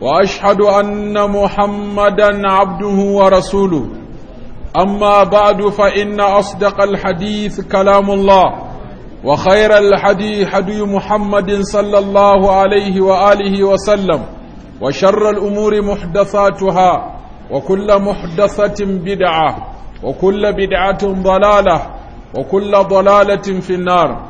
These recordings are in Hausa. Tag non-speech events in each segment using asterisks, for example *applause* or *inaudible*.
واشهد ان محمدا عبده ورسوله اما بعد فان اصدق الحديث كلام الله وخير الحديث حدي محمد صلى الله عليه واله وسلم وشر الامور محدثاتها وكل محدثه بدعه وكل بدعه ضلاله وكل ضلاله في النار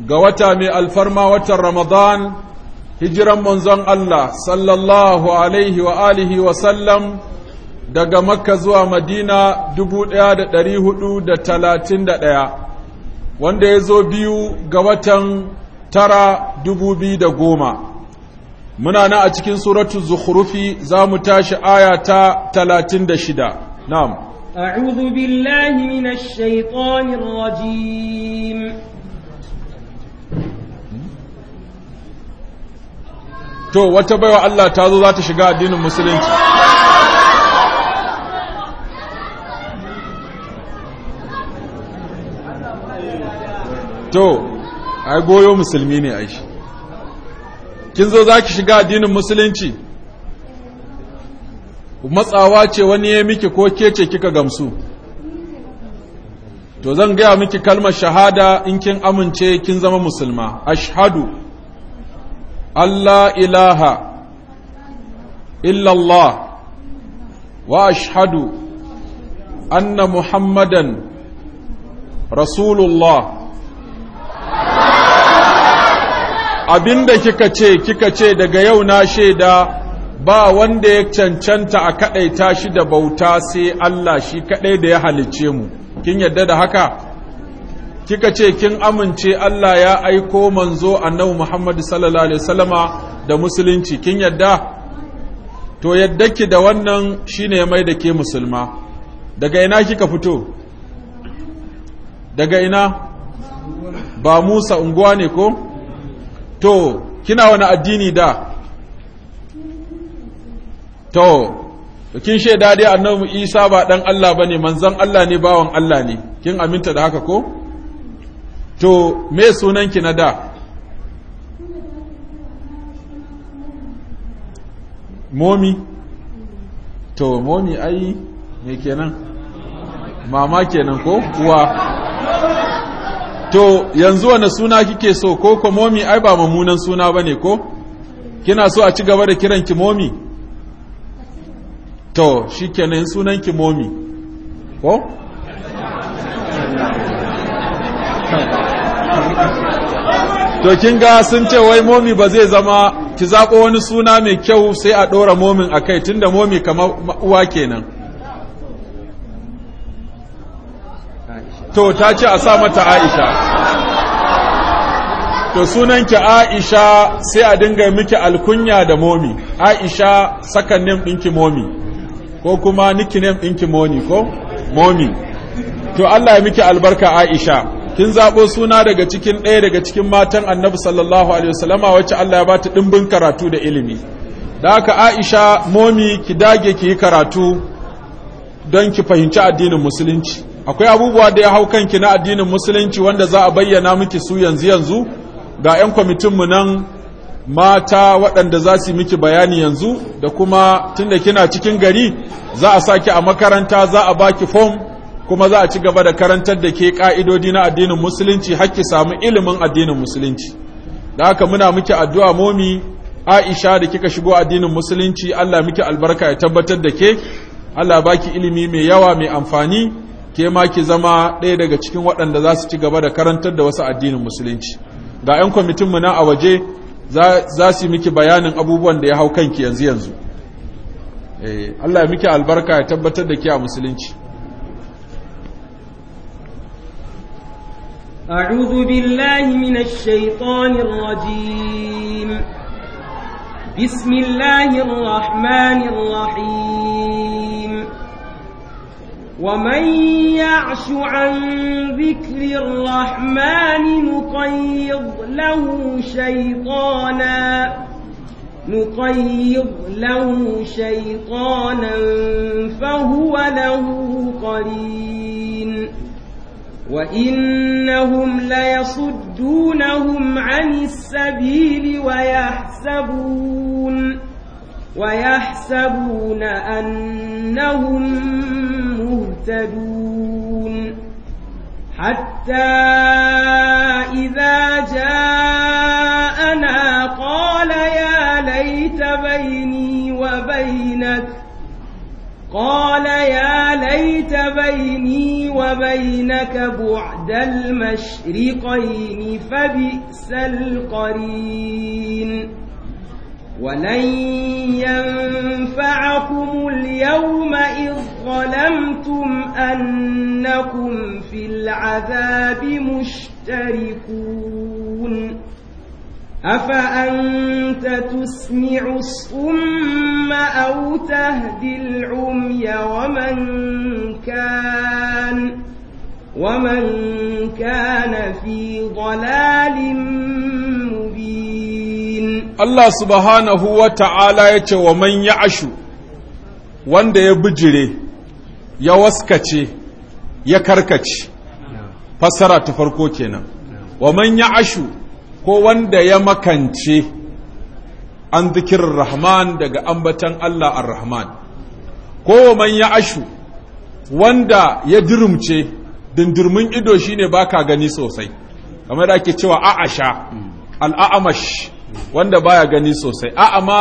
ga wata mai alfarma watan Ramadan hijiran manzon Allah sallallahu alaihi wa alihi wa sallam daga Makka zuwa Madina ɗaya, wanda ya zo biyu ga watan tara dubu biyu da goma. muna na a cikin suratul zukhrufi za mu tashi aya ta shida. na'am أعوذ بالله من الشيطان الرجيم to wata baiwa Allah ta zo za ta shiga addinin musulunci to ai goyo musulmi ne ai kin zo za ki shiga addinin musulunci matsawa ce wani ya miki ko ke ce kika gamsu to zan gaya miki kalmar shahada in kin amince kin zama musulma ashhadu Allah ilaha illallah wa ashhadu anna muhammadan rasulullah abinda kika ce kika ce daga yau na shaida ba wanda ya cancanta a kadaita shi da bauta sai Allah shi kaɗai da ya halicce mu kin yadda da haka kika ce kin amince Allah ya aiko manzo annabi Muhammad sallallahu alaihi wasallama da musulunci kin yadda to yadda ki da wannan shine mai da ke musulma daga ina kika fito daga ina ba Musa unguwa ne ko to kina wani addini da to kin shaida dai annabi Isa ba dan Allah bane manzon Allah ne bawan Allah ne kin aminta da haka ko to me sunanki na da momi to momi ai me kenan mama kenan ko kuwa to yanzu wane suna kike so ko ko momi ai ba mamunan suna bane ko kina so a ci gaba da kiran ki momi to shi sunan ki momi ko to kin ga sun ce wai momi ba zai zama ki zaɓo wani suna mai kyau sai a ɗora momin a kai tunda momi kamar uwa kenan to ta ce a sa mata aisha to sunanki aisha sai a dinga miki alkunya da momi aisha sakan nem ɗinki momi ko kuma nem ɗinki momi ko momi to Allah ya miki albarka aisha kin zaɓo suna daga cikin ɗaya daga cikin matan annabi sallallahu alaihi wasallama wacce Allah ya ba ta dimbin karatu da ilimi da haka Aisha momi ki dage ki yi karatu don ki fahimci addinin musulunci akwai abubuwa da ya hau kanki na addinin musulunci wanda za a bayyana miki su yanzu yanzu ga 'yan mu nan mata waɗanda za su miki bayani yanzu da kuma tunda kina cikin gari za a saki a makaranta za a baki fom kuma za a ci gaba da karantar da ke ka'idodi na addinin musulunci hakki samu ilimin addinin musulunci da haka muna muke addu'a momi Aisha da kika shigo addinin musulunci Allah muke albarka ya tabbatar da ke Allah baki ilimi mai yawa mai amfani ke ma ki zama ɗaya daga cikin waɗanda za su ci gaba da karantar da wasu addinin musulunci ga 'yan kwamitinmu na a waje za su yi miki bayanin abubuwan da ya hau kanki yanzu yanzu eh, Allah muke albarka ya tabbatar da ke a musulunci أعوذ بالله من الشيطان الرجيم بسم الله الرحمن الرحيم ومن يعش عن ذكر الرحمن نقيض له شيطانا نقيض له شيطانا فهو له قريب وإنهم ليصدونهم عن السبيل ويحسبون ويحسبون أنهم مهتدون حتى إذا جاءنا قال يا ليت بيني قال يا ليت بيني وبينك بعد المشرقين فبئس القرين ولن ينفعكم اليوم إذ ظلمتم أنكم في العذاب مشتركون أفأنت تسمع الصم أو تهدي العمي ومن كان ومن كان في ضلال مبين الله سبحانه وتعالى يتي ومن يعش wanda ya bijire ya waskace ya karkace fassara ta farko kenan wa man ya ashu ko wanda ya makance an zikirin rahman daga ambatan Allah ar-rahman ko man ya ashu wanda ya dirumce dindirmin ido shine baka gani sosai kamar da ake cewa a'asha al'amash wanda baya gani sosai a'ama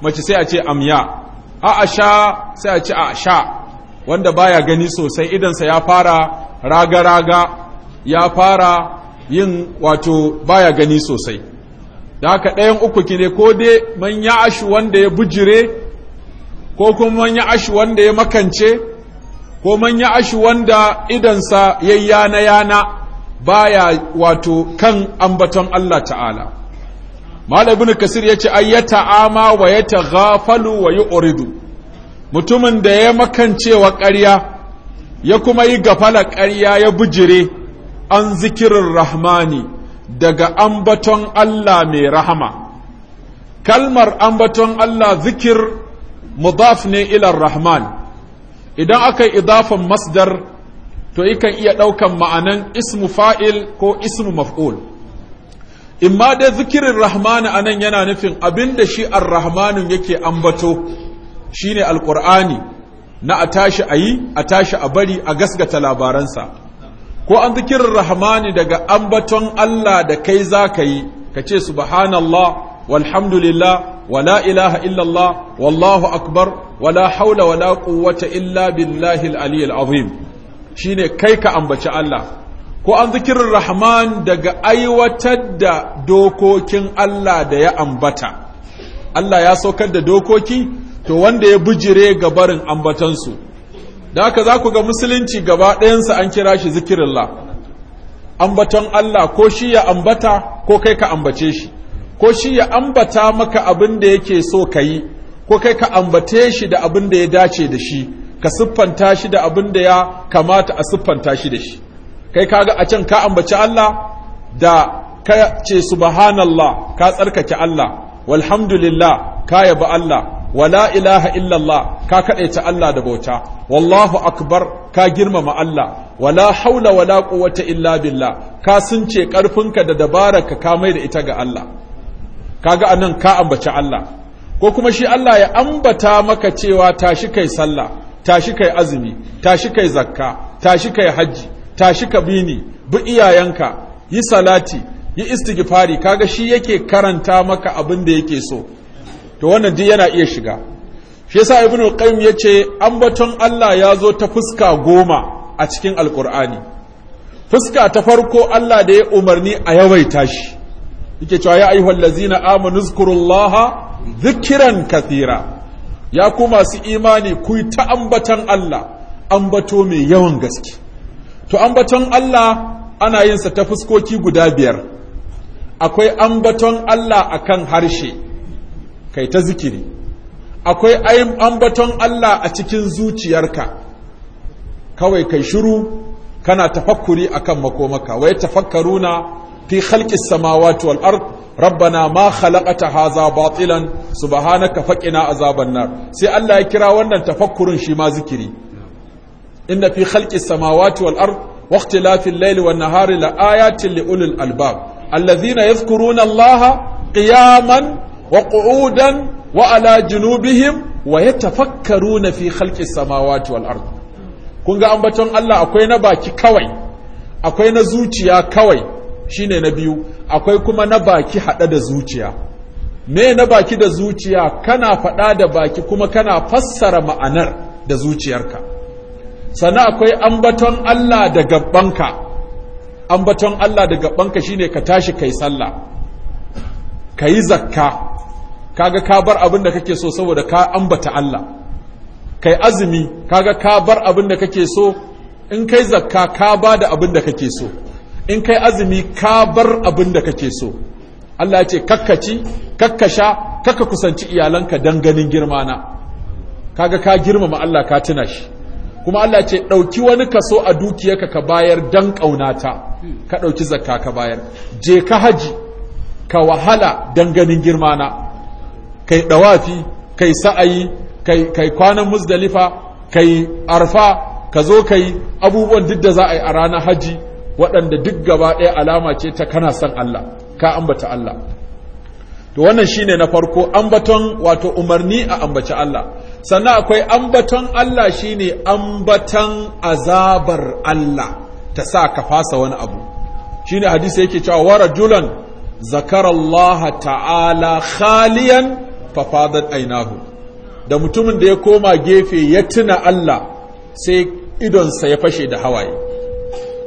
mace sai a ce amya a'asha sai a ce a'sha wanda baya gani sosai idan sa ya fara raga-raga ya fara yin wato baya gani sosai da haka ɗayan uku kine ko dai man ya ashu wanda ya bujire ko kuma man ya ashu wanda ya makance ko man ya ashu wanda idansa ya yana yana baya wato kan ambaton Allah ta'ala Mala ibn Kasir ya ce ai wa yata wa yu'ridu mutumin da ya makancewa ƙarya ya kuma yi gafala ƙarya ya bujire an zikirin rahmani daga ambaton Allah mai rahama kalmar ambaton Allah zikir mudaf ne ilar rahman idan aka yi idafin masdar to ikan iya ɗaukan ma'anan ismu fa'il ko ismu maf'ul imma dai zikirin rahmani a nan yana nufin abinda shi ar-rahmanin yake ambato shine alƙur'ani na a tashi a yi a tashi a bari a gasgata labaransa ko an zikirin rahmani daga ambaton Allah da kai za ka yi ka ce subhanallah walhamdulillah wala ilaha illallah wallahu akbar wala haula wala quwwata illa billahi al-aliyyil azim shine kai ka ambaci Allah ko an zikirin rahman daga aiwatar da dokokin Allah da ya ambata Allah ya saukar da dokoki to wanda ya bijire ga barin ambatansu da haka za ku ga musulunci gaba ɗayansa an kira shi zikirillah ambaton Allah ko shi ya ambata ko kai ka ambace shi ko shi ya ambata maka abin da yake so ka yi ko kai ka ambate shi da abin da ya dace da shi ka siffanta shi da abin da ya kamata a siffanta shi da shi kai kaga a can ka ambaci Allah da ka ce subhanallah ka tsarkake Allah walhamdulillah ka yabi Allah wala ilaha illallah ka ta Allah da bauta wallahu akbar ka girmama Allah wala haula wala quwwata illa billah ka sunce ka da dabararka ka mai da ita ga Allah kaga anan ka ambaci Allah ko kuma shi Allah ya ambata maka cewa tashi kai sallah tashi kai azumi tashi kai zakka tashi kai haji tashi ka bini bi iyayenka yi salati yi istighfari kaga shi yake karanta maka abin da yake so to wannan duk yana iya shiga shi yasa ibn qayyim yace ambaton Allah ya zo ta fuska goma a cikin alqur'ani fuska ta farko Allah da ya umarni a yawaita shi yake cewa ya ayyuhal ladzina amanu zkurullaha dhikran kathira ya ku masu imani ku ta ambaton Allah ambato mai yawan gaske to ambaton Allah ana yin sa ta fuskoki guda biyar akwai ambaton Allah akan harshe kai ta zikiri akwai ambaton Allah a cikin zuciyarka kawai kai shiru kana tafakkuri akan makomaka wai tafakkaruna fi khalqis samawati wal ard rabbana ma khalaqta hadha batilan subhanaka faqina azaban nar sai Allah ya kira wannan tafakkurin shi ma zikiri inna fi khalqis samawati wal ard wa layli wan nahari la ayatin li ulil albab alladhina yadhkuruna Allah qiyaman wa qu'udan wa ala junubihim wa yatafakkaruna fi khalqis samawati wal ard kun ga ambaton Allah akwai na baki kawai akwai na zuciya kawai shine na biyu akwai kuma na baki hada da zuciya me na baki da zuciya kana fada da baki kuma kana fassara ma'anar da zuciyarka sana akwai ambaton Allah da gabbanka ambaton Allah da gabbanka shine ka tashi kai sallah kayi zakka kaga ka bar abin da kake so saboda ka ambata Allah kai azumi kaga ka bar abin da kake so in kai zakka ka ba da abin da kake so in kai azumi ka bar abin da kake so Allah ya ce kakkaci kakkasha kaka kusanci iyalanka dan ganin girma na kaga ka girmama Allah ka tuna shi kuma Allah ce ɗauki wani kaso a dukiyarka ka bayar dan ƙaunata ka ɗauki zakka ka bayar je ka haji ka wahala dan ganin girma na kai dawafi kai sa'ayi kai kai kwanan muzdalifa kai arfa ka zo kai abubuwan duk da za a yi a ranar haji waɗanda duk gaba ɗaya alama ce ta kana son Allah ka ambata Allah to wannan shine na farko ambaton wato umarni a ambaci Allah sannan akwai ambaton Allah shine ambaton azabar Allah ta sa ka fasa wani abu shine hadisi yake cewa warajulan zakarallaha ta'ala khaliyan fafadar ainahu da mutumin da ya koma gefe ya tuna Allah sai idonsa ya fashe da hawaye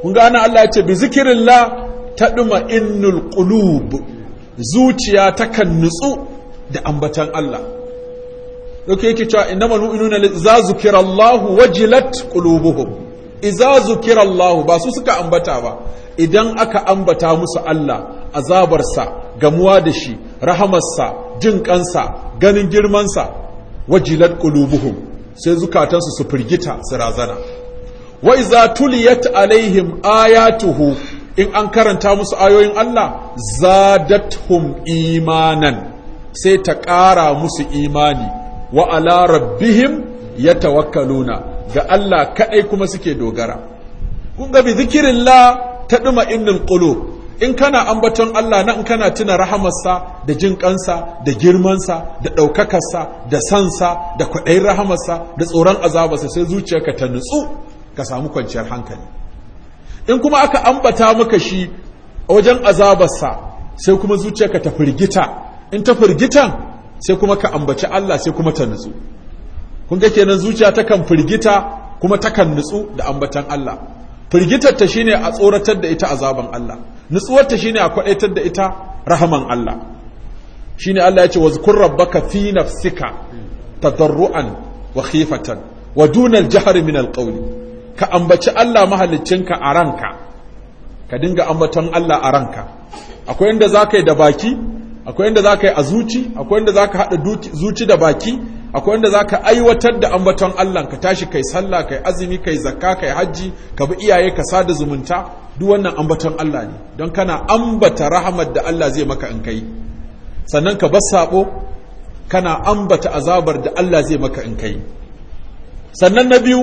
kun gana Allah ya ce bi zikirillah ɗuma innul ƙulub zuciya ta kan nutsu da ambatan Allah yake yake cewa innamal mu'minuna za zukirallahu wajilat kulubuhu. Izazukirallahu. zukirallahu ba su suka ambata ba idan aka ambata musu Allah azabarsa gamuwa da shi rahamarsa jin kansa ganin girmansa wajilat qulubuhum sai zukatansu su firgita su razana wa iza tuliyat alaihim ayatuhu in an karanta musu ayoyin Allah Za dathum imanan sai ta ƙara musu imani wa ala rabbihim yatawakkaluna ga Allah kaɗai kuma suke dogara kun ga bi ta ɗuma inin qulub in kana ambaton Allah na in kana tuna rahamarsa da jin kansa da girmansa da ɗaukakarsa da sansa da kwaɗayin rahamarsa da tsoron azabarsa sai zuciyarka ta nutsu ka samu kwanciyar hankali in kuma aka ambata maka shi a wajen azabarsa sai kuma zuciyarka ta firgita in ta firgitan sai kuma ka ambaci Allah sai kuma ta nutsu kun ga kenan zuciya ta kan firgita kuma ta kan nutsu da ambatan Allah firgitar ta shine a tsoratar da ita azaban Allah nutsuwarta shine a kwadaitar da ita rahaman Allah shine Allah ya ce wazkur rabbaka fi nafsika tadarruan wa khifatan wa duna al-jahr min al ka ambaci Allah mahaliccinka a ranka ka dinga ambaton Allah a ranka akwai inda zaka yi da baki akwai inda zaka yi a zuci akwai inda zaka hada zuci da baki akwai wanda za ka aiwatar da ambaton Allah ka tashi kai sallah kai azumi kai zakka kai hajji, ka bi iyaye ka sada zumunta duk wannan ambaton Allah ne don kana ambata rahmat da Allah zai maka in kai sannan ka bar sabo kana ambata azabar da Allah zai maka in kai sannan na biyu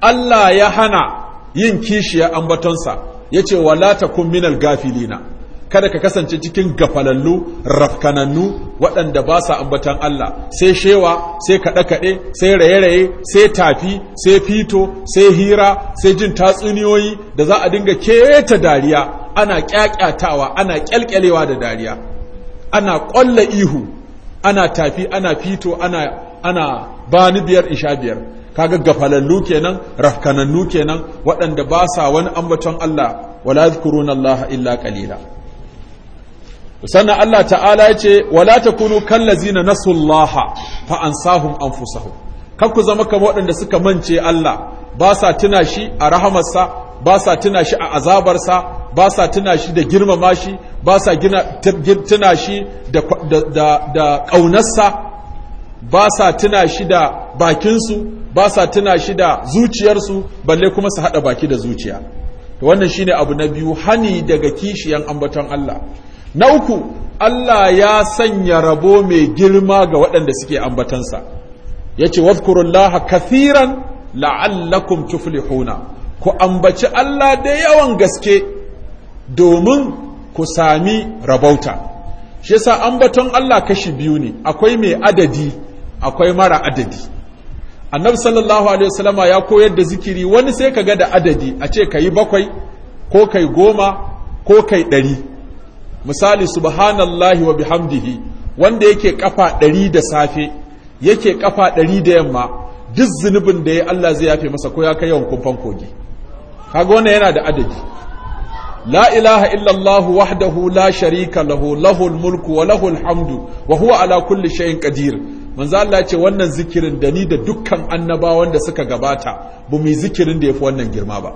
Allah ya hana yin kishiya ambatonsa yace wala takum minal gafilina kada ka kasance cikin gafalallu rafkanannu waɗanda ba sa ambatan Allah sai shewa sai kaɗe-kaɗe sai raye-raye sai tafi sai fito sai hira sai jin tatsuniyoyi da za a dinga keta dariya ana ƙyaƙyatawa ana ƙyalƙyalewa da dariya ana ƙwalla ihu ana tafi ana fito ana ana bani biyar isha biyar kaga gafalallu kenan rafkanannu kenan waɗanda ba sa wani ambaton Allah wala yadhkuruna Allah illa qalila sannan Allah ta'ala ya ce wala takunu kallazina nasullaha fa an an kar ku zama kamar waɗanda suka mance Allah ba sa tuna shi a rahamarsa ba sa tuna shi a azabarsa ba sa tuna shi da girmama shi ba sa tuna shi da ƙaunarsa ba sa tuna shi da bakinsu ba sa tuna shi da zuciyarsu balle kuma su haɗa baki da zuciya wannan shine abu na biyu hani daga kishiyan ambaton Allah na uku Allah ya sanya rabo mai girma ga waɗanda suke ambatansa ya ce wazkurullaha kathiran la'allakum tuflihuna ku ambaci Allah da yawan gaske domin ku sami rabauta shi yasa ambaton Allah kashi biyu ne akwai mai adadi akwai mara adadi annabi sallallahu alaihi wasallama ya koyar da zikiri wani sai ka ga da adadi a ce kai bakwai ko kai goma ko kai ɗari misali subhanallahi wa bihamdihi wanda yake kafa ɗari da safe yake kafa ɗari da yamma duk zunubin da ya Allah zai yafe masa ko ya kai yawan kumfan kogi kaga wannan yana da adadi la ilaha illallah wahdahu la sharika lahu lahul mulku wa lahul hamdu wa huwa ala kulli shay'in qadir manzo Allah ce wannan zikirin da ni da dukkan annabawan da suka gabata bu mu zikirin da yafi wannan girma ba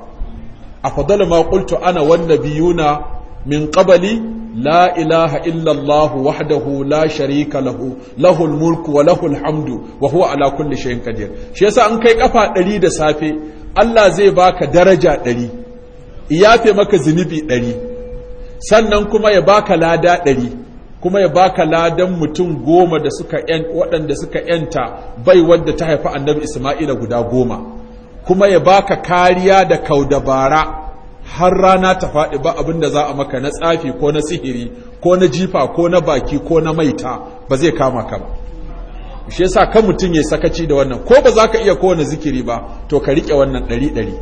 afdalu ma qultu ana wan nabiyuna min qabli la ilaha illallahu Allah wahdahu la sharika lahu lahul mulku wa lahul hamdu wa ala kulli shay'in qadir shi yasa an kai ƙafa ɗari da safe Allah zai baka daraja 100 iyafe maka zunubi ɗari, sannan kuma ya baka lada ɗari, kuma ya baka ladan mutum goma da waɗanda suka yanta bai wadda ta haifa annabi Isma'ila guda goma kuma ya baka kariya da kaudabara har rana ta faɗi ba abin da za a maka na tsafi ko na sihiri ko na jifa ko na baki ko na maita ba zai kama ka ba shi yasa kan mutum ya sakaci da wannan ko ba za ka iya kowane zikiri ba to ka riƙe wannan ɗari ɗari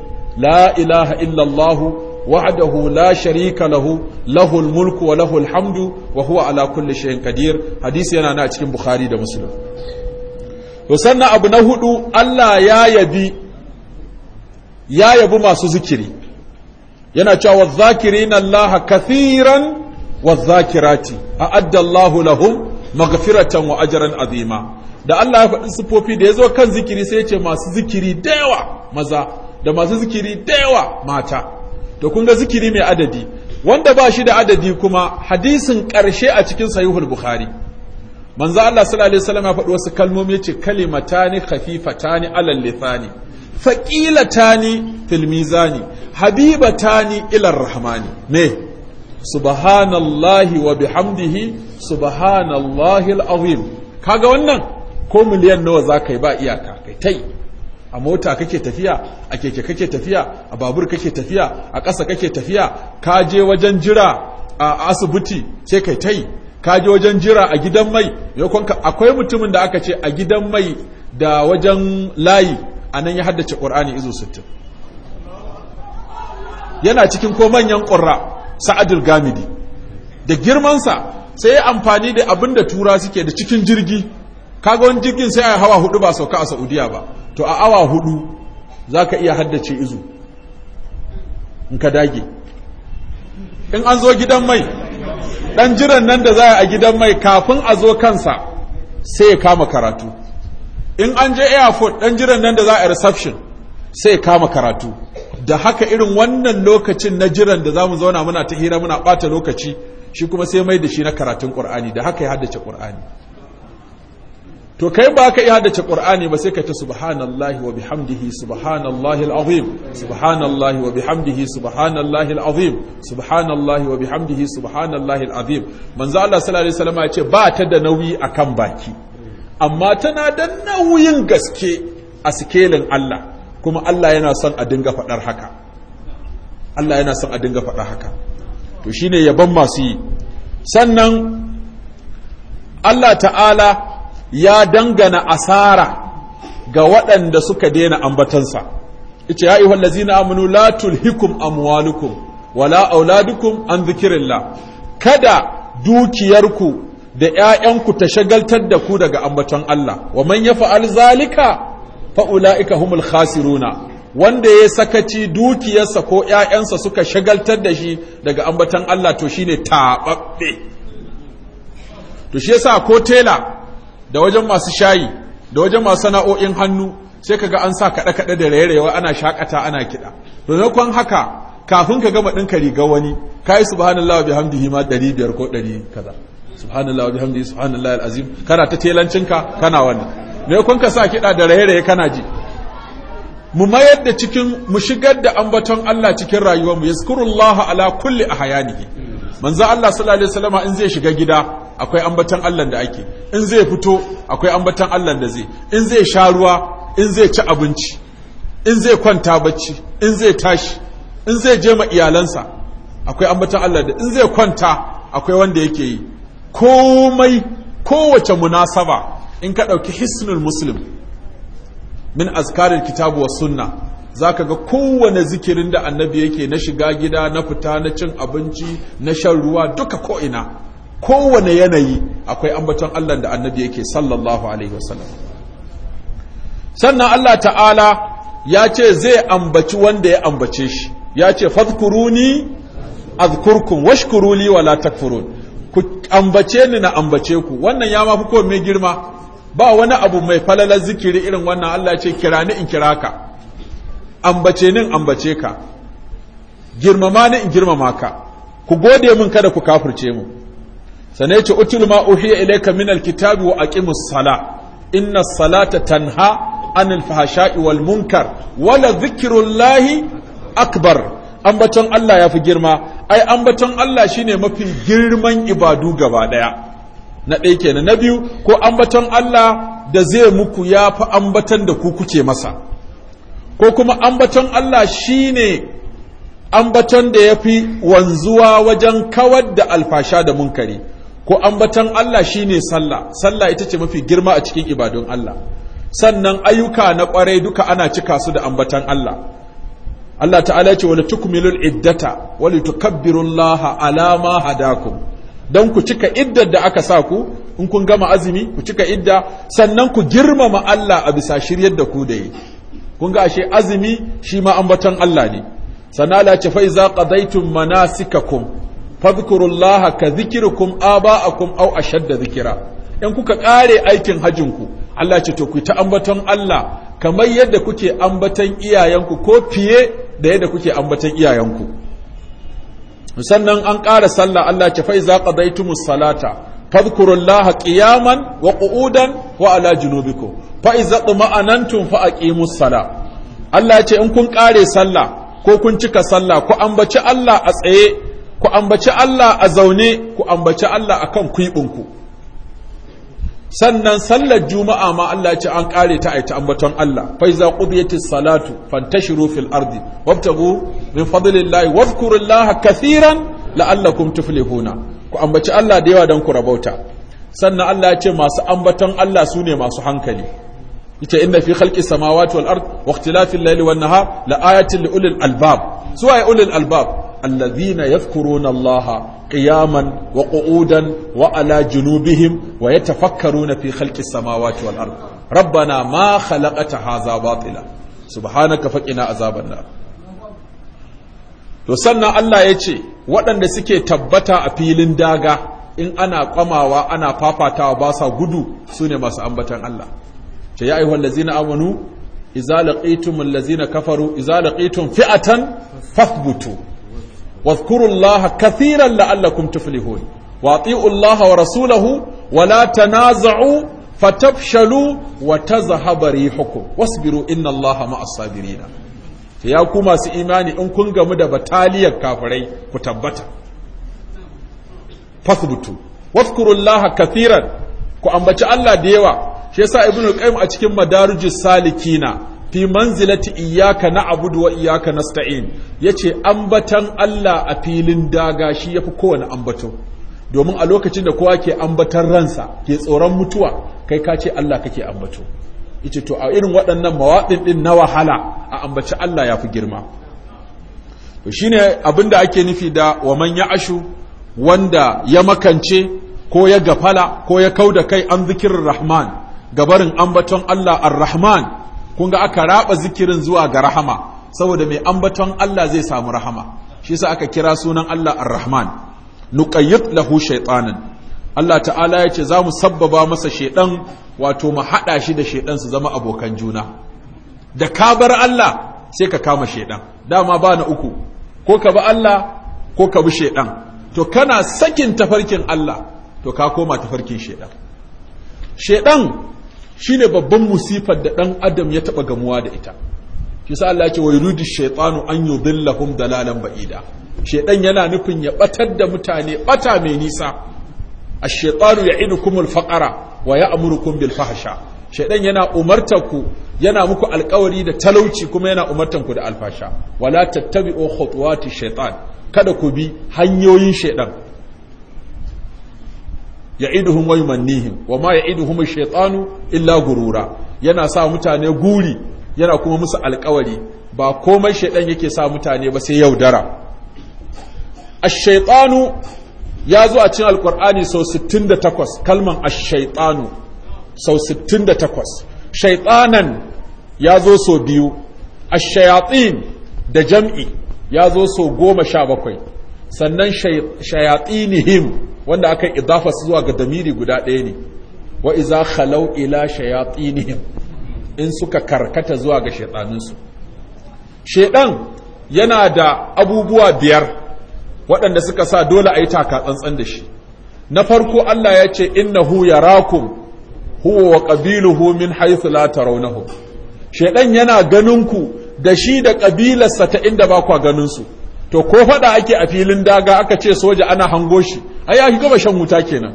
la ilaha illallah wahdahu la sharika lahu lahul mulku wa lahul hamdu wa huwa ala kulli shay'in qadir hadisi yana na cikin bukhari da muslim to sannan abu na hudu Allah ya yabi ya yabi masu zikiri yana cewa wadh-dhakirina Allah kathiran wadh-dhakirati a'adda Allahu lahum maghfiratan wa ajran azima da Allah ya faɗi sufofi da yazo kan zikiri sai ya ce masu zikiri da yawa maza da masu zikiri da yawa mata to kun ga zikiri mai adadi wanda ba shi da adadi kuma hadisin ƙarshe a cikin sahihul bukhari manzo Allah sallallahu alaihi wasallam ya faɗi wasu kalmomi yace kalimatani khafifatani alal lisani Faƙila ta ni ni habiba ta ni ilar rahmani me subhanallahi wa bihamdihi subhanallahi alazim kaga wannan ko miliyan nawa ka yi ba iyaka kai tai a mota kake tafiya a keke kake tafiya a babur kake tafiya a ƙasa kake tafiya ka je wajen jira a asibiti sai kai tai ka je wajen jira a gidan mai akwai mutumin da aka ce a gidan mai da wajen layi a nan ya haddace qur'ani izu sittin yana cikin ko manyan ƙurra sa'adul gamidi da girmansa sai ya amfani da abin da tura suke da cikin jirgi kaga wani jirgin sai a hawa hudu ba sauka a saudiya ba to a awa hudu za ka iya haddace izo in ka dage in an zo gidan mai dan jiran nan da za a gidan mai kafin a zo kansa sai ya kama karatu in an je airport dan jiran nan da za a reception sai kama karatu da haka irin wannan lokacin na jiran da zamu zauna muna ta hira muna bata lokaci shi kuma sai mai da shi na karatun qur'ani da haka ya haddace qur'ani to kai ba ka iya haddace qur'ani ba sai ka ta subhanallahi wa bihamdihi subhanallahi alazim subhanallahi wa bihamdihi subhanallahi alazim subhanallahi wa bihamdihi subhanallahi alazim manzo Allah sallallahu alaihi wasallam ya ce ba ta da nauyi akan baki amma tana da nauyin gaske a sikelin Allah kuma Allah yana son a dinga faɗar haka Allah yana son a dinga faɗar haka to shine yaban masu yi sannan Allah ta'ala ya dangana asara ga waɗanda suka daina ambatansa ita ya wallazi na aminu la tulhikum amwalukum wala auladukum an zikirillah kada dukiyarku da ‘ya'yanku ta shagaltar da ku daga ambaton Allah, wa man ya fa'al zalika fa'ula'ika humul khasiruna, wanda ya sakaci dukiyarsa ko ‘ya'yansa suka shagaltar da shi daga ambaton Allah to shi ne taɓaɓɓe. To shi yasa ko tela da wajen masu shayi, da wajen masu sana'o'in hannu, sai kaga an sa kaɗe-kaɗe da raye ana shakata ana kiɗa. Ranakon haka, kafin ka gama ɗinka riga wani, ka yi subhanallah wa bihamdihi ma ɗari biyar ko ɗari kaza. subhanallah wa bihamdihi subhanallahi alazim kana ta telancinka kana wannan me kun ka sa kida da raye-raye kana ji mu mayar da cikin mu shigar da ambaton Allah cikin rayuwar mu yaskurullahu ala kulli ahyanihi manzo Allah sallallahu alaihi wasallama in zai shiga gida akwai ambaton Allah da ake in zai fito akwai ambaton Allah da zai in zai sha ruwa in zai ci abinci in zai kwanta bacci in zai tashi in zai je ma iyalansa akwai ambaton Allah da in zai kwanta akwai wanda yake yi komai kowace munasaba in ka ɗauki hisnul muslim min azkarin kitabu wa sunna za ka ga kowane zikirin da annabi yake na shiga gida na fita na cin abinci na shan ruwa duka ko'ina kowane yanayi akwai ambaton allah da annabi yake sallallahu alaihi wasallam sannan allah ta'ala ya ce zai ambaci wanda ya ambace shi ya ce fadkuruni azkurkum washkuruli wala takfurun ku ambace ni na ambace ku wannan ya mafi ko mai girma ba wani abu mai falalar zikiri irin wannan Allah ce kira ni in kira ka ambace ni ambace ka girmama ni in girmama ka ku gode min kada ku kafirce mu sanai ce utul ma uhiya ilayka min alkitabi wa aqimus sala inna salata tanha anil fahsha'i wal munkar wala dhikrullahi akbar ambaton Allah ya fi girma ai ambaton Allah shine mafi girman ibadu gaba ɗaya na ɗaya kenan na biyu ko ambaton Allah da zai muku ya fi ambaton da ku kuke masa ko kuma ambaton Allah shine ambaton da ya fi wanzuwa wajen kawar da alfasha da munkari ko ambaton Allah shine sallah sallah ita ce mafi girma a cikin ibadun Allah sannan ayyuka na kwarai duka ana cika su da ambaton Allah Allah ta'ala ya ce wani tukmilul iddata wala tukabbirullaha ala ma hadakum dan ku cika iddar da aka sa ku in kun gama azumi ku cika idda sannan ku girmama Allah a bisa shiryar da ku da yi kun ga ashe azumi shi ma ambaton Allah ne sannan Allah ce fa iza qadaytum manasikakum fadhkurullaha ka zikirukum aba'akum aw ashadda zikira. in kuka kare aikin hajjin ku Allah ce to ku ta ambaton Allah kamar yadda kuke ambaton iyayenku ko fiye da yadda kuke ambatan iyayenku sannan an ƙara sallah Allah ce fa'iza iza musalata salata laha ƙiyaman wa qu'udan wa ala junubikum ma'anantun fa aqimus sala Allah ce in kun ƙare sallah ko kun cika sallah ku ambaci Allah a tsaye ku ambaci Allah a zaune ku ambaci Allah a akan kuibinku sannan sallar juma'a ma Allah ce an kare ta aita ambaton Allah fa iza qudiyatis salatu fantashiru fil ardi wabtagu min fadlillahi wadhkurullaha kathiran la'allakum tuflihuna ku ambaci Allah da yawa don ku rabauta sannan Allah ya ce masu ambaton Allah sune masu hankali yace inna fi khalqi samawati wal ard wa ikhtilafil layli wan nahar la li ulil albab suwaye ulil albab alladhina yadhkuruna Allah qiyaman wa qu'udan wa ala junubihim wa yatafakkaruna fi khalqis samawati wal ard rabbana ma khalaqta hadha batila subhanaka faqina azaban nar to sannan Allah ya ce waɗanda suke tabbata a filin daga in ana kwamawa ana fafatawa ba sa gudu su ne masu ambatan Allah ce ya ayyuhal ladzina amanu idza laqitum allazina kafaru idza laqitum fi'atan fathbutu wadhkurullaha kathiran la'allakum tuflihun wa ati'u Allah wa rasulahu wa la tanaza'u fatafshalu wa tazhaba rihukum wasbiru inna Allah ma'as sabirin ya ku masu imani in kun gamu da bataliyar kafirai ku tabbata fasbutu wadhkurullaha kathiran ku ambaci Allah da yawa shi yasa ibnu qayyim a cikin madarijus salikina fi manzilati iyaka na abudu wa sta'in ya ce ambatan Allah a filin daga shi ya fi kowane ambato domin a lokacin da kowa ke ambatan ransa ke tsoron mutuwa kai ka ce Allah kake ambato ita to a irin waɗannan mawaɗin ɗin na wahala a ambaci Allah ya fi girma to abin da ake nufi da wa manya ashu wanda ya makance ko ya gafala ko ya kauda kai an zikirin rahman gabarin ambaton Allah ar-rahman kun ga aka raba zikirin zuwa ga rahama saboda mai ambaton Allah zai samu rahama shi sa aka kira sunan Allah Ar-Rahman nuqayyid lahu shaytanan Allah ta'ala ya ce za mu sabbaba masa shaidan wato mu haɗa shi da shaidan su zama abokan juna da ka bar Allah sai ka kama shaidan dama ba na uku ko ka bi Allah ko ka bi shaidan to kana sakin tafarkin Allah to ka koma tafarkin shaidan shaidan shine babban musifar da dan adam ya taba gamuwa da ita shi sa Allah ya ce wa yuridu shaytanu an yudillahum dalalan ba'ida shaytan yana nufin ya batar da mutane bata mai nisa ash-shaytanu ya'idukum al-faqra wa ya'murukum bil fahsha shaytan yana umartaku yana muku alkawari da talauci kuma yana umartanku da alfasha wala tattabi'u khutuwati shaytan kada ku bi hanyoyin shaytan ya'iduhum wa yumannihim wa ma ya'iduhum ash-shaytanu illa gurura yana sa mutane guri yana kuma musu alƙawari ba komai shaytan yake sa mutane ba sai yaudara ash-shaytanu ya zo a cikin alqur'ani sau 68 kalman ash-shaytanu sau 68 shaytanan ya zo sau biyu ash-shayatin da jam'i ya zo sau goma sha bakwai sannan shayatinihim wanda aka idafa zuwa ga damiri guda ɗaya ne wa iza khalau ila shayatinihim in suka karkata zuwa ga shaytaninsu shaydan yana da abubuwa biyar waɗanda suka sa dole a yi taka tsantsan da shi na farko Allah ya ce innahu yarakum huwa wa qabiluhu min haythu la tarawnahum shaydan yana ganin ku da shi da kabilarsa ta inda ba ku ganin su to ko fada ake a filin daga aka ce soja ana hango shi ai ya gaba shan wuta kenan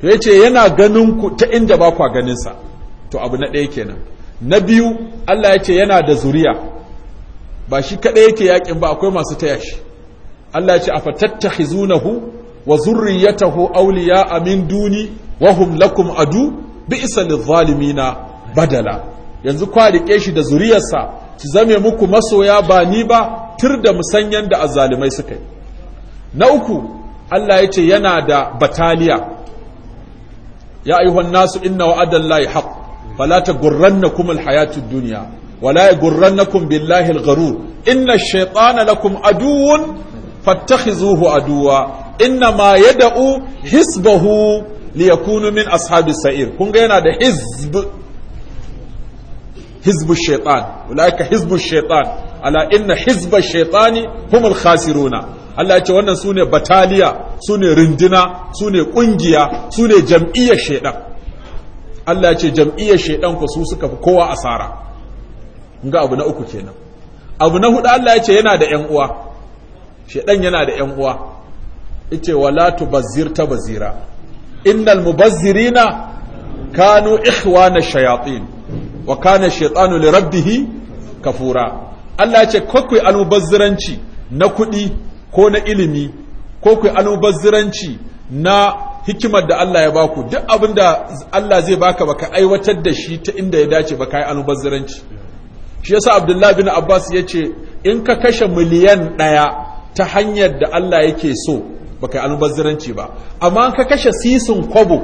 to yace yana ganin ku ta inda ba kwa ganin sa to abu na ɗaya kenan na biyu Allah yace yana da zuriya ba shi kadai yake yakin ba akwai masu taya shi Allah yace afatattakhizunahu wa zurriyatahu awliya amin duni wa hum lakum adu bi'sa lidh-dhalimina badala yanzu kwa rike shi da zuriyarsa su zame muku masoya ba ni ba tur da musanyan da azzalumai suka yi na uku Allah ya ce yana da bataliya ya ayyuhan nasu inna wa'adallahi haqq fala taghurrannakum alhayatud dunya wala yaghurrannakum billahi algharur inna ash-shaytana lakum aduwwun fattakhizuhu aduwa inna ma yad'u hisbahu liyakunu min ashabis sa'ir kun ga yana da hizb hizbu shaitan ulaika hizbu shaitan ala inna hizba shaitani humul khasiruna Allah ya ce wannan sune bataliya sune rindina sune kungiya sune jam'iyyar shaitan Allah ya ce jam'iyyar shaitan ku su suka fi kowa asara ga abu na uku kenan abu na hudu Allah ya ce yana da ƴan uwa shaitan yana da yan uwa yace wala tubazzir tabazira innal mubazzirina kanu ikhwana shayatin wa kana shaytanu li rabbih kafura Allah ya ce kai almubazziranci na kuɗi ko na ilimi ko kai almubazziranci na hikimar da Allah ya baku duk abin da Allah zai baka baka aiwatar da shi ta inda ya dace baka yi almubazziranci shi yasa Abdullah bin Abbas ya ce in ka kashe miliyan ɗaya ta hanyar da Allah yake so baka yi almubazziranci ba amma ka kashe sisin kwabo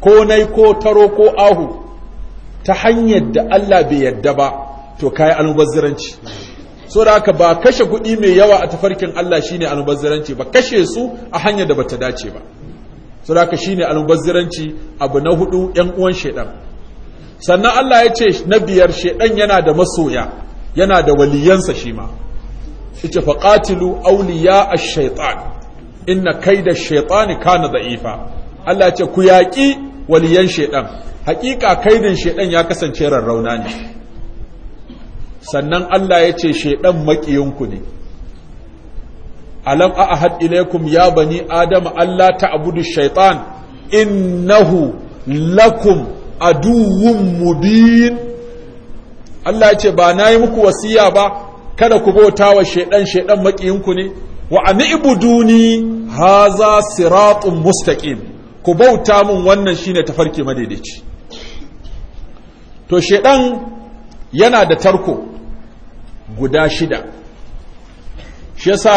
ko nai ko taro ko ahu ta hanyar da Allah bai yarda ba to kai almubazziranci so da haka ba kashe kuɗi mai yawa a tafarkin Allah shine almubazziranci ba kashe su a hanyar da bata dace ba so da haka shine almubazziranci abu na hudu yan uwan shedan sannan Allah ya ce na biyar shedan yana da masoya yana da waliyansa shi ma yace faqatilu awliya ash-shaytan inna kaida ash-shaytani kana da'ifa Allah ya ce ku yaƙi waliyan shaidan hakika kaidin shaiɗan ya kasance rarrauna ne sannan Allah ya ce shaidan makiyinku ne alam ahad ilaikum ya bani adam Allah ta'budu shaitan innahu lakum aduwwun mubin Allah ya ce ba na yi muku wasiya ba kada ku bauta wa shaiɗan shaiɗan makiyinku ne wa an ibuduni haza siratun mustaqim ku bauta mun wannan shine tafarki madaidaici to shedan yana da tarko guda shida shi yasa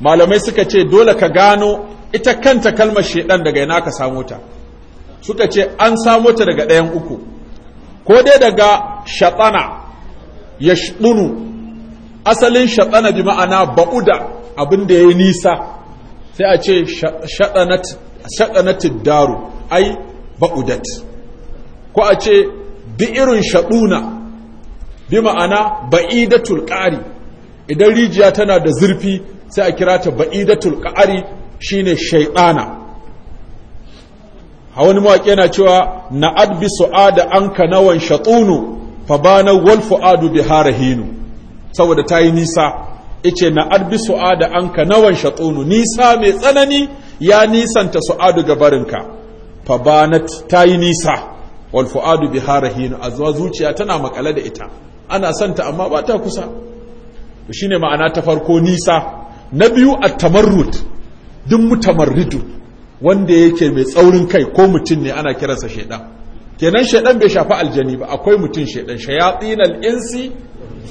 malamai suka ce dole ka gano ita kanta kalmar shedan daga ina ka samu ta suka ce an samu ta daga ɗayan uku ko dai daga shatana ya asalin shatana bi ma'ana ba'uda abin da ya yi nisa sai a ce shatanat na daru ai ba'udat ko a ce bi irin shaɗuna bi ma'ana ba'idatul ƙari idan rijiya tana da zurfi sai a kira ta ba'idatul ƙari shine shaiɗana a wani mawaƙi yana cewa na adbi su'ada an ka nawan shaɗunu fa ba na fu'adu bi harahinu saboda ta yi nisa ice na adbi su'ada an ka nawan shaɗunu nisa mai tsanani ya nisanta su'adu ga barinka fa banat ta yi nisa wal fu'adu bi harahin azwa zuciya tana makale da ita ana santa amma ba ta kusa to shine ma'ana ta farko nisa na biyu at-tamarrud duk mutamarridu wanda yake mai tsaurin kai ko mutum ne ana kiransa shaidan. kenan shedan bai shafi aljani ba akwai mutum shedan al insi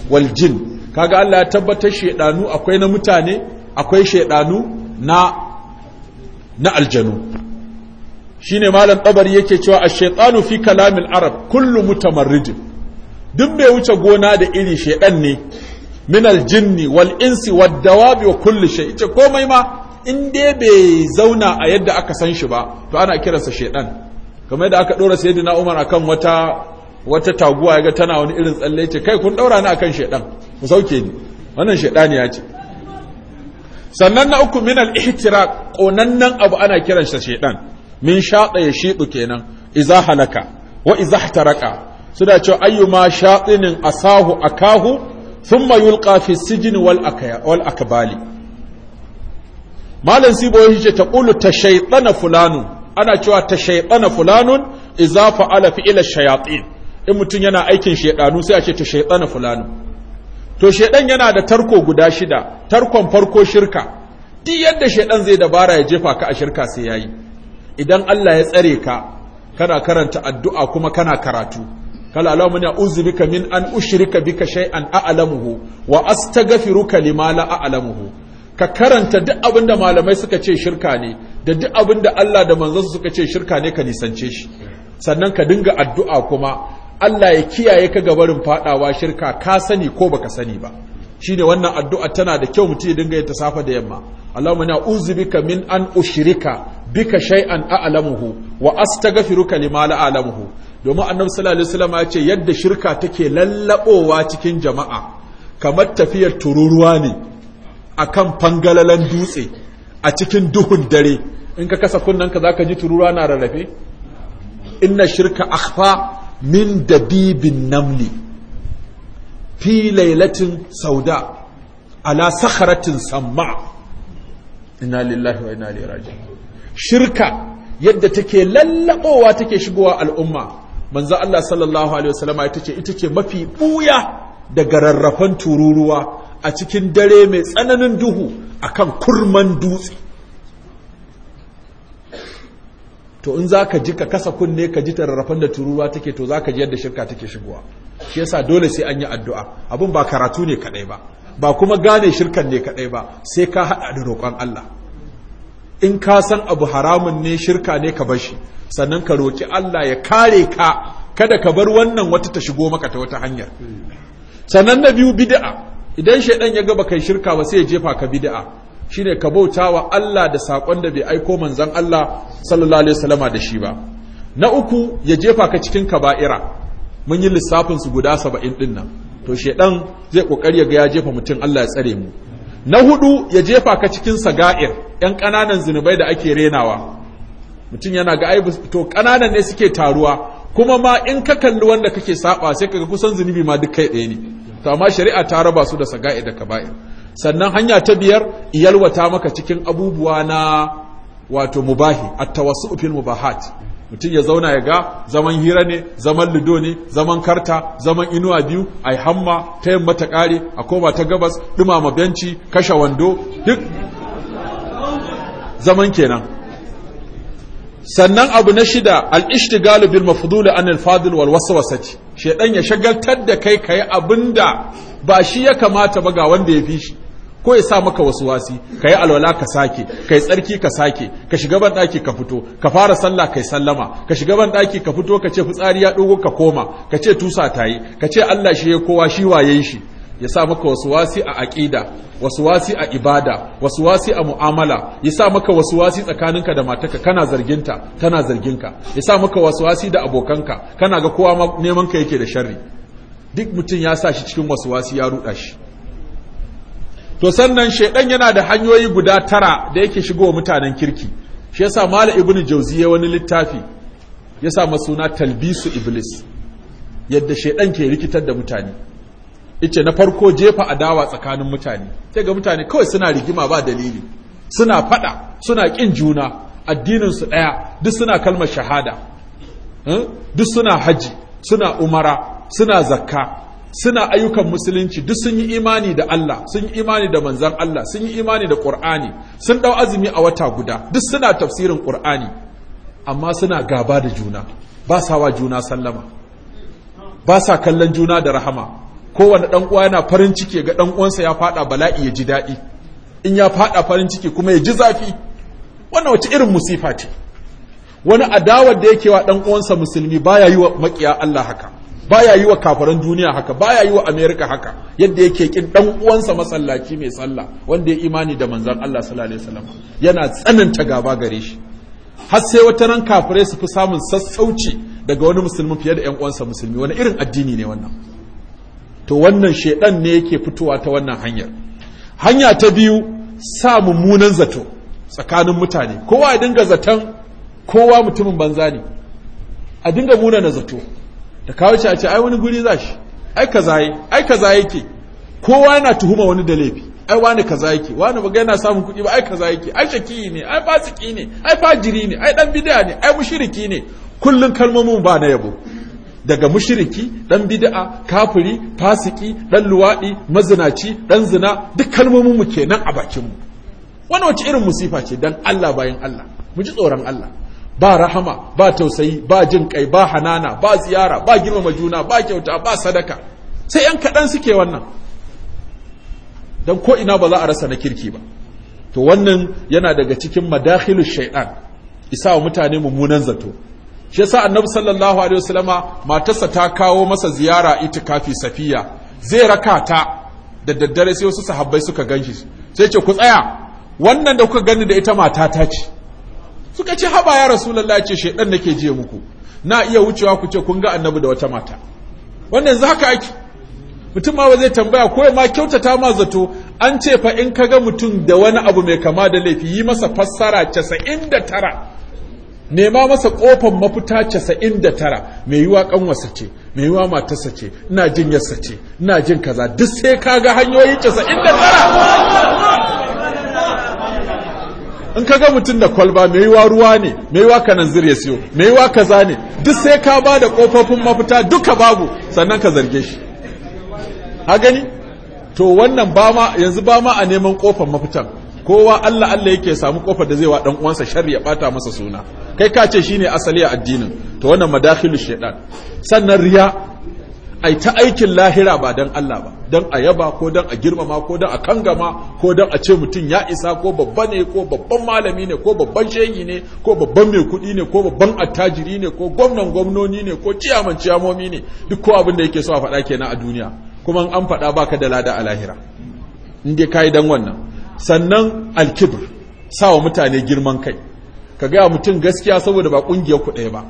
wal jin kaga Allah ya tabbatar shedanu akwai na mutane akwai shedanu na na aljanu ne malam tabari yake cewa a shaytanu fi kalamin arab kullu mutamarrid duk mai wuce gona da iri shedan ne min aljinni, jinni wal insi wad dawabi wa kulli shay ita komai ma in dai bai zauna a yadda aka san shi ba to ana kiransa shedan kamar yadda aka dora sayyidina umar akan wata wata taguwa yaga tana wani irin tsalle ce kai kun daura ni akan shedan ku sauke ni wannan shedani ya ce sannan na uku min al ƙonannen konannen abu ana kiran shi shedan min shaqa ya shidu kenan iza halaka wa iza ihtaraka suna cewa ayyuma shaqinin asahu akahu thumma yulqa fi sijni wal akaya wal akbali malan sibo yace taqulu ta shaytana fulanu ana cewa ta shaytana fulanun iza fa'ala ila shayatin in mutun yana aikin shaiɗanu sai a ce ta shaytana fulani. to shedan yana da tarko guda shida tarkon farko shirka duk yadda shedan zai dabara ya jefa ka a shirka sai yayi idan Allah ya tsare ka kana karanta addu'a kuma kana karatu kala Allahumma ya bika min an ushrika bika shay'an a'lamuhu wa astaghfiruka lima la a'lamuhu ka karanta duk abinda malamai suka ce shirka ne da duk abin Allah da manzansa suka ce shirka ne ka nisance shi sannan ka dinga addu'a kuma Allah ya kiyaye ka gabarin fadawa shirka ka sani ko baka sani ba shine wannan addu'a tana da kyau mutum ya dinga yin ta safa da yamma Allahumma na uzbika min an ushrika bika shay'an a'lamuhu wa astaghfiruka lima la a'lamuhu domin annabi sallallahu alaihi wasallam ya ce yadda shirka take lallabowa cikin jama'a kamar tafiyar tururuwa ne akan fangalalan dutse a cikin duhun dare in ka kasa kunnanka zaka ji tururuwa na rarrafe inna shirka akhfa min dabibin namli fi lailatin sauda ala sakharatin samma inna lillahi wa inna ilaihi raji shirka yadda take lallabowa take shigowa al'umma manzo Allah sallallahu alaihi Wasallama ita ce ita ce mafi buya daga rarrafan tururuwa a cikin dare mai tsananin duhu akan kurman dutse to in za ka ji ka kasa kunne ka ji tararrafan da tururuwa take to za ka ji yadda shirka take shigowa shi yasa dole sai an yi addu'a Abun ba karatu ne kadai ba ba kuma gane shirkan ne kadai ba sai ka haɗa da roƙon Allah in ka san abu haramun ne shirka ne ka bashi sannan ka roki Allah ya kare ka kada ka bar wannan wata ta shigo maka ta wata hanyar sannan na biyu bid'a idan shaidan ya ga baka shirka ba sai ya jefa ka bid'a shine ka wa Allah da saƙon da bai aiko manzon Allah sallallahu alaihi wasallama da shi ba na uku ya jefa ka cikin kaba'ira mun yi lissafin su guda saba'in din nan to shedan zai kokari ya ga ya jefa mutum Allah ya tsare mu na hudu ya jefa ka cikin saga'ir yan kananan zinubai da ake renawa mutum yana ga aibu to kananan ne suke taruwa kuma ma in ka kalli wanda kake saba sai kaga kusan zunubi ma duk kai ɗaya ne to amma shari'a ta raba su da saga'ir da kaba'ir sannan hanya ta biyar iyalwata maka cikin abubuwa na wato mubahi at fil mubahat mutum ya zauna ya ga zaman hira ne zaman lido ne zaman karta zaman inuwa biyu ai hamma ta yamma ta kare a koma ta gabas dumama benci kashe wando duk zaman kenan sannan abu na shida al-ishtigalu bil mafdul an al-fadil wal waswasati shedan ya shagaltar da kai kai abinda ba shi ya kamata ba ga wanda ya fi shi ko ya sa maka wasu wasi ka yi alwala ka sake ka yi tsarki ka sake ka shiga ban ɗaki ka fito ka fara sallah ka yi sallama ka shiga ban ɗaki ka fito ka ce fitsari ya ɗogo ka koma ka ce tusa ta yi ka ce Allah shi ya kowa shi waye shi ya sa maka wasu wasi a aƙida wasu wasi a ibada wasu wasi a mu'amala ya sa maka wasu wasi tsakaninka da matarka kana zarginta tana zarginka ya sa maka wasu wasi da abokanka kana ga kowa neman ka yake da sharri duk mutum ya sa shi cikin wasu wasi ya ruɗa shi to sannan shaidan yana da hanyoyi guda tara da yake shigo wa mutanen kirki shi yasa mala ibnu jauzi ya wani littafi ya sa masuna talbisu iblis yadda shaidan ke rikitar da mutane ice na farko jefa adawa tsakanin mutane sai ga mutane kawai suna rigima ba dalili suna fada suna kin juna addinin su daya duk suna kalmar shahada hmm? duk suna haji suna umara suna zakka suna ayyukan musulunci duk sun yi imani da Allah sun yi imani da manzan Allah sun yi imani da Qur'ani sun ɗau azumi a wata guda duk suna tafsirin Qur'ani amma suna gaba da juna ba sa wa juna sallama ba sa kallon juna da rahama kowane dan uwa yana farin ciki ga dan uwansa ya fada bala'i ya ji daɗi. in ya fada farin ciki kuma ya ji zafi wannan wace irin musifa ce wani adawar da yake wa dan uwansa musulmi baya yi wa makiya Allah haka baya yi wa kafaran duniya haka baya yi wa Amerika haka yadda yake kin dan uwansa masallaci mai sallah wanda ya imani da manzon Allah sallallahu alaihi wasallam yana tsananta gaba gare shi har sai wata ran kafirai su fi samun sassauci daga wani musulmi fiye da yan uwansa musulmi wani irin addini ne wannan to wannan shedan ne yake fitowa ta wannan hanyar hanya ta biyu sa mummunan zato tsakanin mutane kowa ya dinga zaton kowa mutumin banza ne a dinga munana zato da kawo shi a ce ai wani guri za shi ai ka zaye ai zaye ke. kowa yana tuhuma wani da laifi ai wani zaye ke. wani baga yana samun kuɗi ba ai zaye ke. ai shaki ne ai fasiki ne ai fajiri ne ai dan bid'a ne ai mushriki ne kullun kalmomin ba na yabo daga mushriki dan bid'a kafiri fasiki dan luwadi mazinaci dan zina duk kalmomin mu kenan a bakin mu wani wace irin musifa ce dan Allah bayan Allah mu ji tsoron Allah ba rahama ba tausayi ba jin kai ba hanana ba ziyara ba girmama juna ba kyauta ba sadaka sai yan kaɗan suke wannan dan ko ina ba za a rasa na kirki ba to wannan yana daga cikin madakhilu shaidan isa wa mutane mummunan zato shi yasa annabi sallallahu alaihi wasallama matarsa ta kawo masa ziyara itikafi safiya zai rakata da daddare sai wasu sahabbai suka ganshi sai ce ku tsaya wannan da kuka gani da ita matata ce suka ce haba ya rasulullah ce shedan nake je muku na iya wucewa ku ce kun ga annabi da wata mata wannan yanzu haka ake mutum ma ba zai tambaya ko ma kyautata ma zato an ce fa in kaga mutum da wani abu mai kama da laifi yi masa fassara 99 nema masa kofar mafita 99 mai yiwa wasa ce mai yiwa matarsa ce ina jin yarsa ce ina jin kaza duk sai kaga hanyoyi 99 in ka ga mutum da kwalba mai yiwa ruwa ne mai yiwa kanan zirya ya siyo mai yiwa kaza ne duk sai ka ba da kofofin mafita duka babu sannan ka zarge shi Ha gani to wannan ba ma yanzu ba ma a neman kofar mafitan kowa Allah Allah yake samu kofar da zai wa dan uwansa sharri ya bata masa suna kai ka ce shine asali a addinin to wannan madakhilu shaytan sannan riya ai ta aikin lahira ba dan Allah ba Dan a yaba ko don a girmama ko don a kangama ko don a ce mutum ya isa ko babba ne ko babban malami ne ko babban shehi ne ko babban mai kuɗi ne ko babban attajiri ne ko gwamnan gwamnoni ne ko ciyaman ciyamomi ne duk ko abin da yake so a faɗa kenan a duniya kuma an faɗa baka da lada a lahira in dai kayi dan wannan sannan alkibir wa mutane girman kai ka gaya mutum gaskiya saboda ba ƙungiyar ku ɗaya ba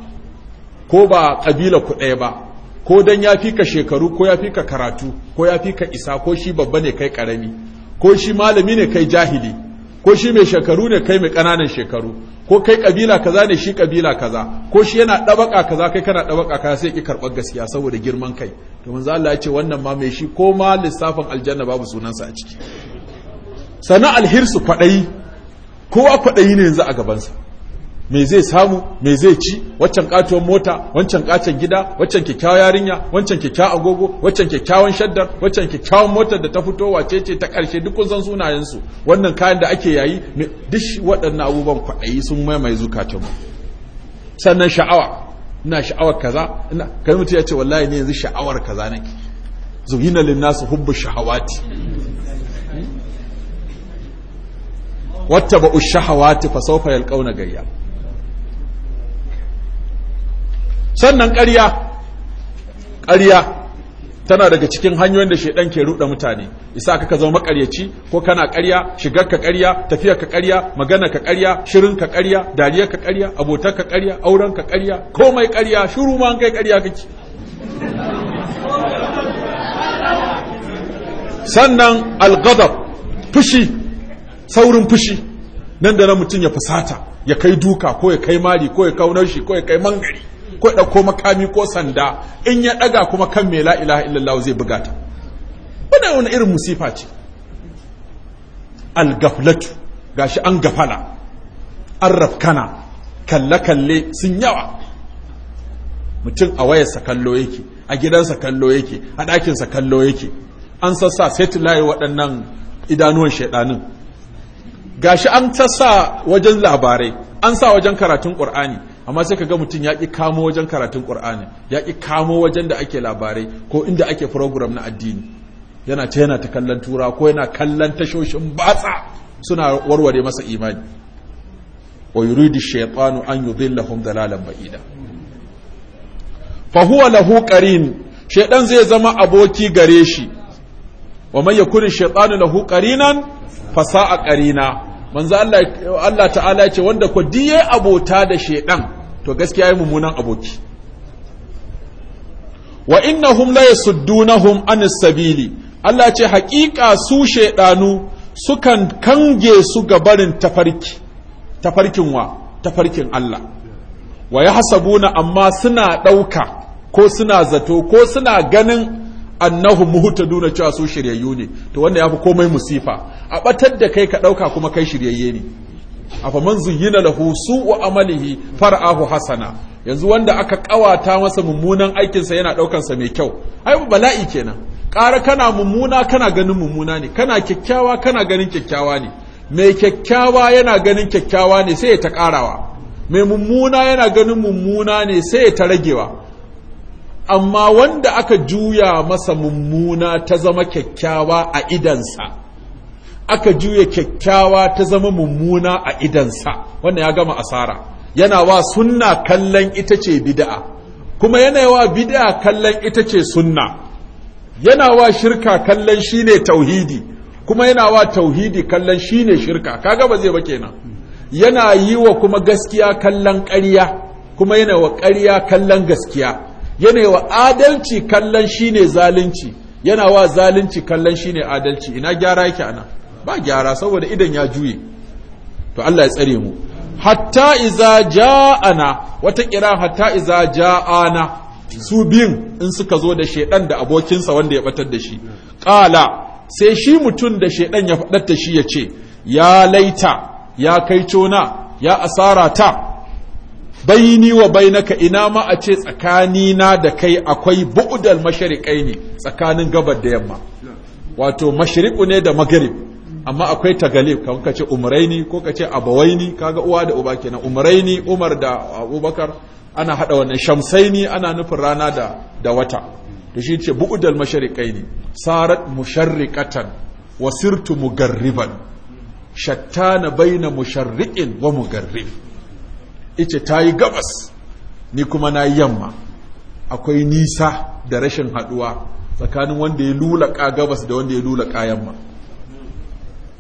ko ba ƙabila ku ɗaya ba ko dan ya fi ka shekaru ko ya fi ka karatu ko ya fi ka isa ko shi babba ne kai karami ko shi malami ne kai jahili ko shi mai shekaru ne kai mai ƙananan shekaru ko kai kabila kaza ne shi kabila kaza ko shi yana ɗabaka kaza kai kana ɗabaka kaza sai ki karɓar gaskiya saboda girman kai to manzo Allah ya ce wannan ma mai shi ko ma lissafin aljanna babu sunansa a ciki sana alhirsu kwaɗayi kowa kwaɗayi ne yanzu a gabansa me zai samu me zai ci waccan katuwar mota waccan kacen gida waccan kyakkyawar yarinya waccan kyakkyawar agogo waccan kyakkyawan shaddar waccan kyakkyawan motar da ta fito wace ce ta karshe duk kun san sunayen wannan kayan da ake yayi duk waɗannan abubuwan kwaɗayi sun mai zukatanmu sannan sha'awa ina sha'awar kaza ina kai mutum ya ce wallahi ne yanzu sha'awar kaza nake zuhina lin nasu hubbu shahawati wattaba ush shahawati fa sawfa yalqawna gayya sannan ƙarya ƙarya tana daga cikin hanyoyin da shaidan ke ruɗa mutane isa ka zama makaryaci ko kana ƙarya shigar ka ƙarya tafiyar ka ƙarya magana ka ƙarya shirin ka ƙarya dariyar ka ƙarya abotar ka ƙarya auren ka ƙarya komai ƙarya shiru ma an kai ƙarya kake sannan alghadab fushi saurin fushi nan da nan mutum ya fusata ya kai duka ko ya kai mari ko ya kaunar shi ko ya kai mangari ko ɗauko makami ko sanda in ya ɗaga kuma kan mai la ilaha illallah zai buga ta wannan wani irin musifa ce al-gaflatu gashi an gafala an rafkana kalle-kalle sun yawa mutum a wayarsa kallo yake a gidansa kallo yake a ɗakinsa kallo yake an sassa sai tulaye waɗannan idanuwan shaiɗanin gashi an sassa wajen labarai an sa wajen karatun ƙur'ani amma sai ka ga mutum ya ƙi kamo wajen karatun ƙur'ani ya ƙi kamo wajen da ake labarai ko inda ake program na addini yana ta yana ta kallon tura ko yana kallon tashoshin batsa suna warware masa imani wa yuridu shaytanu an yudillahum dalalan ba'ida fa huwa lahu qarin shaytan zai zama aboki gare shi wa man yakun shaytanu lahu qarinan fasa'a qarina manzo Allah Allah ta'ala ce wanda ko diye abota da shedan to gaskiya yi mummunan aboki wa innahum la yasuddunahum as sabili Allah ce haƙiƙa su shedanu sukan kange su ga barin tafarki tafarkin wa tafarkin Allah wa yahsabuna amma suna ɗauka ko suna zato ko suna ganin annahu muhtaduna cewa su shiryayyu ne to wanda ya fi komai musifa a batar da kai ka ɗauka kuma kai shiryayye ne afa man zuyyina lahu su'u amalihi far'ahu hasana yanzu wanda aka kawata masa mummunan aikinsa yana ɗaukan sa mai kyau ai bala'i kenan ƙara kana mummuna kana ganin mummuna ne kana kyakkyawa kana ganin kyakkyawa ne mai kyakkyawa yana ganin kyakkyawa ne sai ya ta ƙarawa mai mummuna yana ganin mummuna ne sai ya ta ragewa amma wanda aka juya masa mummuna ta zama kyakkyawa a idansa aka juya kyakkyawa ta zama mummuna a idansa wannan ya gama asara yana wa sunna kallon ita ce bid'a kuma yana wa bid'a kallon ita ce sunna yana wa shirka kallon shine tauhidi kuma yana wa tauhidi kallon shine shirka kaga ba zai ba kenan yana yi wa kuma gaskiya kallon ƙarya kuma yana wa ƙarya kallon gaskiya yana wa adalci kallon shi ne zalunci yana wa zalunci kallon shi ne adalci ina gyara yake ana ba gyara saboda idan ya juye to Allah ya tsare mu hatta iza ja'ana wata kira hatta iza ja'ana su biyun in suka zo da shedan da abokinsa wanda ya batar da shi qala sai shi mutum da shedan ya fadar da shi ya ce. ya laita ya kai cona ya asara ta bayni wa bainaka ina ma a ce tsakanina da kai akwai bu'dal ni tsakanin gabar da yamma wato mashriqu ne da magrib amma akwai tagalib ka ka ce umraini ko ka ce abawaini kaga uwa da uba kenan umraini umar da abubakar ana hada wannan shamsaini ana nufin rana da da wata to shi ce bu'dal mashariqaini sarat musharriqatan wa sirtu mugarriban shattana baina musharriqin wa mugarrib ice ta yi gabas ni kuma na yamma akwai nisa da rashin haduwa tsakanin wanda ya lulaka gabas da wanda ya lulaka yamma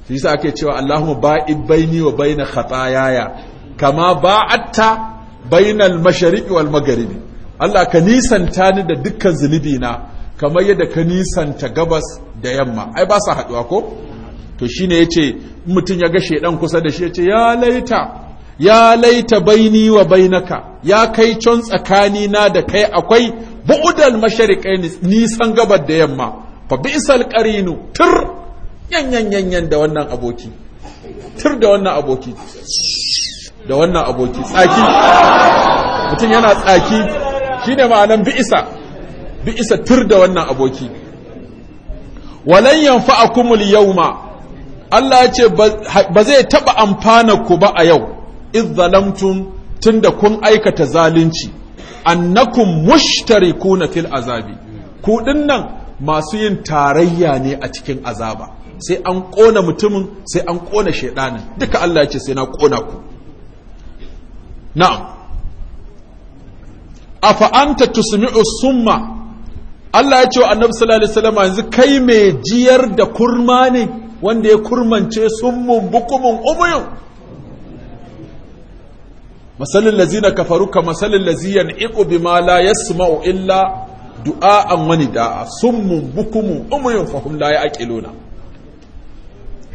shi sa ake cewa Allahumma bai baini wa baina khataayaya kama ba'atta bainal mashariqi wal magharibi Allah ka nisanta ni da dukkan zunubi na kamar yadda ka nisanta gabas da yamma ai ba sa haduwa ko to shine yace mutum ya ga shedan kusa da shi yace ya laita ya laita baini wa bainaka ya kai can tsakani na da kai akwai bu'udal mashariqai nisan gabar da yamma fa bi'sal qarinu tur yanyan yanyan da wannan aboki tur da wannan aboki da wannan aboki tsaki mutum yana tsaki shine ma'anan bi'isa bi'isa tur da wannan aboki walan yanfa'akumul yawma Allah ya ce ba zai taba amfana ku ba a yau izzalamtum tunda kun aikata zalunci annakum mushtarikuna fil azabi ku dinnan masu yin tarayya ne a cikin azaba sai an kona mutumin sai an kona shaidanin duka Allah ya ce sai na kona ku na'am afa anta tusmi'u summa Allah ya ce wa annabi sallallahu alaihi wasallam yanzu kai mai jiyar da kurma ne wanda ya kurmance summun bukumun umuyun masalin lazina kafaru ka masalin laziyan iko bi ma la illa du'a'an wani da'a summun bukumu umuyin fahum la ya'qiluna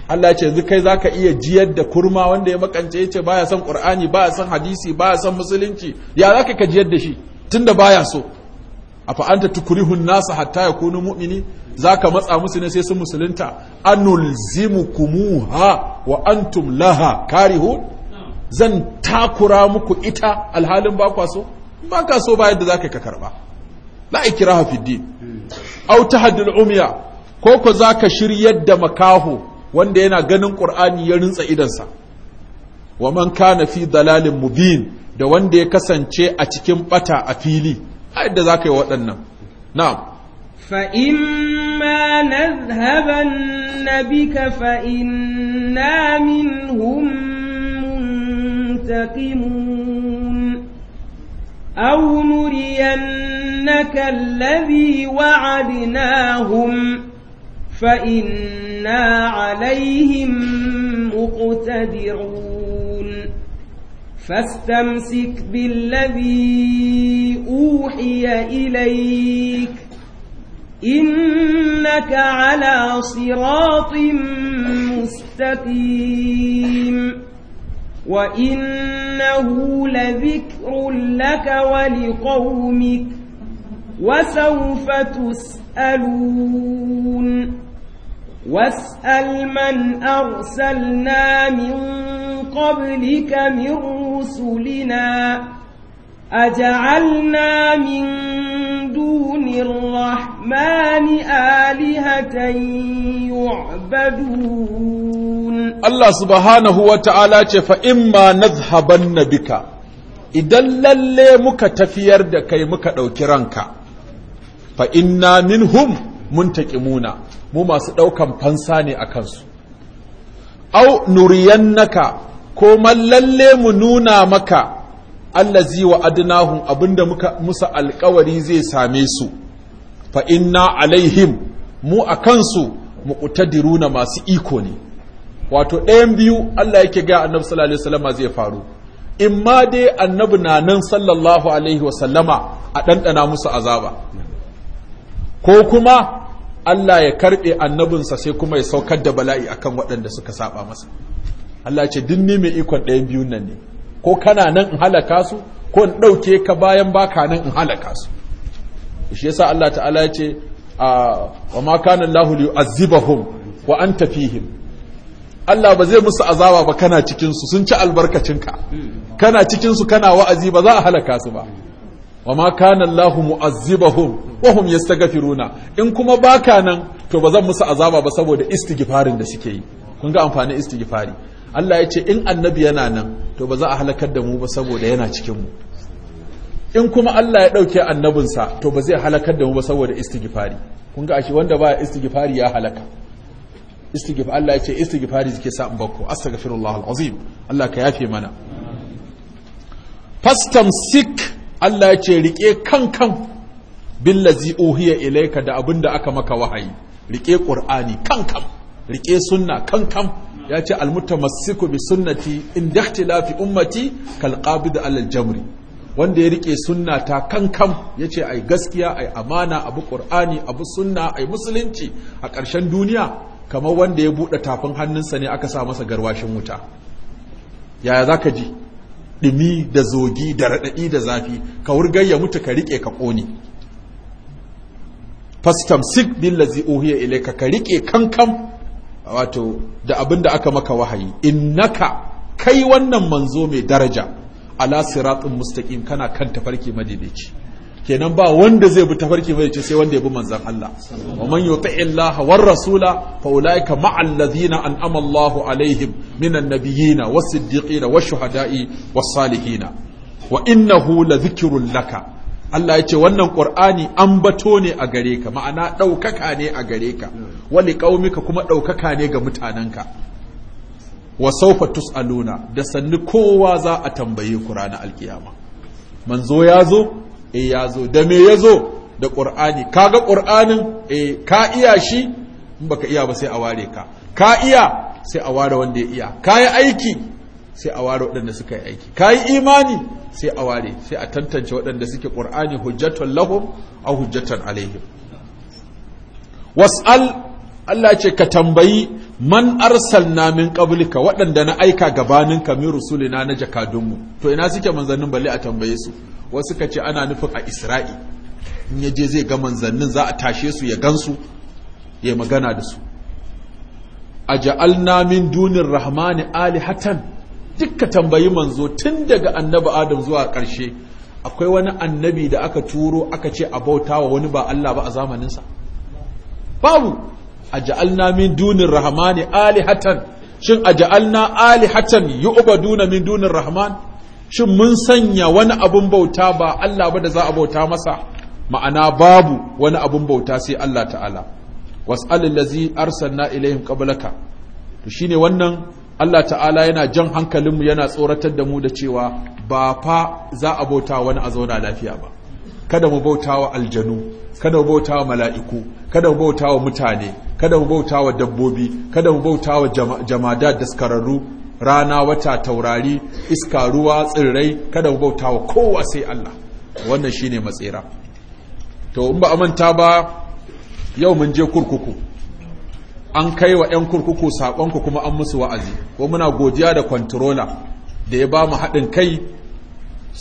Allah ce yanzu kai zaka iya jiyar da kurma wanda ya makance yace baya son Qur'ani baya son hadisi baya son musulunci ya zaka ka jiyar da shi tunda baya so afa anta tukrihun nasa hatta yakunu mu'mini zaka matsa musu ne sai sun musulunta anulzimukumuha wa antum laha karihun zan takura muku ita alhalin ba kwa so ba ka so ba yadda zaka ka karba la kira hafi din ta tahaddul umiya ko ko ka shiryar da makaho wanda yana ganin qur'ani ya rintsa idansa wa man kana fi dalalin mubin da wanda ya kasance a cikin bata a fili a yadda ka yi waɗannan na'am فإما نذهبن بك فإنا منهم منتقمون أو نرينك الذي وعدناهم فإنا عليهم مقتدرون فاستمسك بالذي أوحي إليك إنك على صراط مستقيم وإنه لذكر لك ولقومك وسوف تسألون واسأل من أرسلنا من قبلك من رسلنا أجعلنا من دون الرحمن آلهة يعبدون Allah subhanahu wa ta'ala ce fa'imma na zahaban na bika, idan lalle muka tafiyar da kai muka ɗauki ranka, fa'inna min hum mun taƙi muna, mu masu ɗaukan fansa ne a kansu. Au, nuriyan naka, ko lalle mu nuna maka, allazi wa adnahum abinda muka musa alkawari zai same su, fa'inna alaihim, mu a kansu, muƙutadiruna masu iko ne. wato ɗayan biyu Allah yake ga annabi sallallahu alaihi wasallama zai faru in ma dai annabi na nan sallallahu alaihi wasallama a ɗanɗana musu azaba ko kuma Allah ya karɓe annabinsa sai kuma ya saukar da bala'i akan waɗanda suka saba masa Allah ya ce duk ni mai ikon ɗayan biyun nan ne ko kana nan in halaka su ko in ɗauke ka bayan baka nan in halaka su shi yasa Allah ta'ala ya ce ah, wa ma kana Allahu liyu'azzibahum wa anta fihim Allah ba zai musu azaba ba kana cikinsu sun ci albarkacinka kana cikinsu kana wa'azi ba za a halaka su ba wa ma kana Allahu mu'azzibahum wa hum yastaghfiruna in kuma baka nan to ba zan musu azaba ba saboda istighfarin da suke yi kun ga amfani istighfari Allah ya ce in annabi yana nan to ba za a halakar da mu ba saboda yana cikin mu in kuma Allah ya dauke annabinsa to ba zai halakar da mu ba saboda istighfari kun ga ashe wanda ba istighfari ya halaka istighfar Allah ya ce istighfari yake sa in bakko astaghfirullah alazim Allah ka yafe mana fastamsik Allah ya ce rike kankan billazi uhiya ilayka da abinda aka maka wahayi rike qur'ani kankan rike sunna kankan ya ce almutamassiku bi sunnati in dakhtilafi ummati kal qabid alal jamri wanda ya rike sunna ta kankam ya ce ai gaskiya ai amana abu ƙur'ani abu sunna ai musulunci a ƙarshen duniya kamar wanda ya buɗe tafin hannunsa ne aka sa masa garwashin wuta yaya za ka ji ɗimi da zogi da raɗaɗi da zafi ka wurgar ya mutu ka riƙe ka ƙone fastam sik billazi uhiya ilayka ka riƙe kankan wato da abin da aka maka wahayi In naka kai wannan manzo mai daraja ala siratun mustaƙin kana kan tafarki madaidaici kenan ba wanda zai bi tafarki mai ce sai wanda ya bi manzan Allah wa man yuti illaha war rasula fa ulaika ma'al ladhina an'ama alaihim minan nabiyina was siddiqina wash shuhada'i was salihina wa innahu ladhikrun laka Allah ya ce wannan Qur'ani an bato ne a gare ka ma'ana ɗaukaka ne a gare ka wali qaumika kuma ɗaukaka ne ga mutanenka wa sawfa tus'aluna da sannu kowa za a tambaye ku ranar alkiyama manzo ya zo e ya zo da me ya zo da ƙur'ani ga ƙur'anin e eh, ka iya shi in baka iya ba sai a ware ka ka iya sai a ware wanda ya iya ka yi aiki sai a ware waɗanda suka yi aiki ka yi imani sai a ware sai a tantance waɗanda suke ƙur'ani hujjatar lahum a hujjatar alaihim was'al Allah ce ka tambayi man arsalna min qablika waɗanda na aika gabanin ka min rusulina na jakadunmu to ina suke manzannin balle a tambaye su wasu ka ce ana nufin a isra'i in ya je zai ga manzannin za a tashe su ya gansu ya magana da su a ja'alna min dunin rahmani Ali alihatan dukka tambayi manzo tun daga annabi adam zuwa ƙarshe akwai wani annabi da aka turo aka ce a bauta wa wani ba Allah ba a zamaninsa babu aj'alna min dunir rahmani alihatan shin aj'alna alihatan yu'baduna min dunir rahman shin mun sanya wani abun bauta ba Allah ba da za a bauta masa ma'ana babu wani abun bauta sai Allah ta'ala was'alil ladzi arsalna ilaihim qablaka to shine wannan Allah ta'ala yana jan hankalinmu yana tsoratar da mu da cewa ba fa za a bauta wani a zauna lafiya ba kada mu bauta wa aljanu kada mu bauta wa mala'iku kada mu bauta wa mutane kada mu bauta wa dabbobi kada mu bauta wa jamada daskararru rana wata taurari iska ruwa tsirrai kada mu bauta wa kowa sai Allah wannan shine matsira to in ba manta ba yau mun je kurkuku an kai wa 'yan kurkuku saƙonku kuma an musu wa'azi ko muna godiya da controller da ya ba mu haɗin kai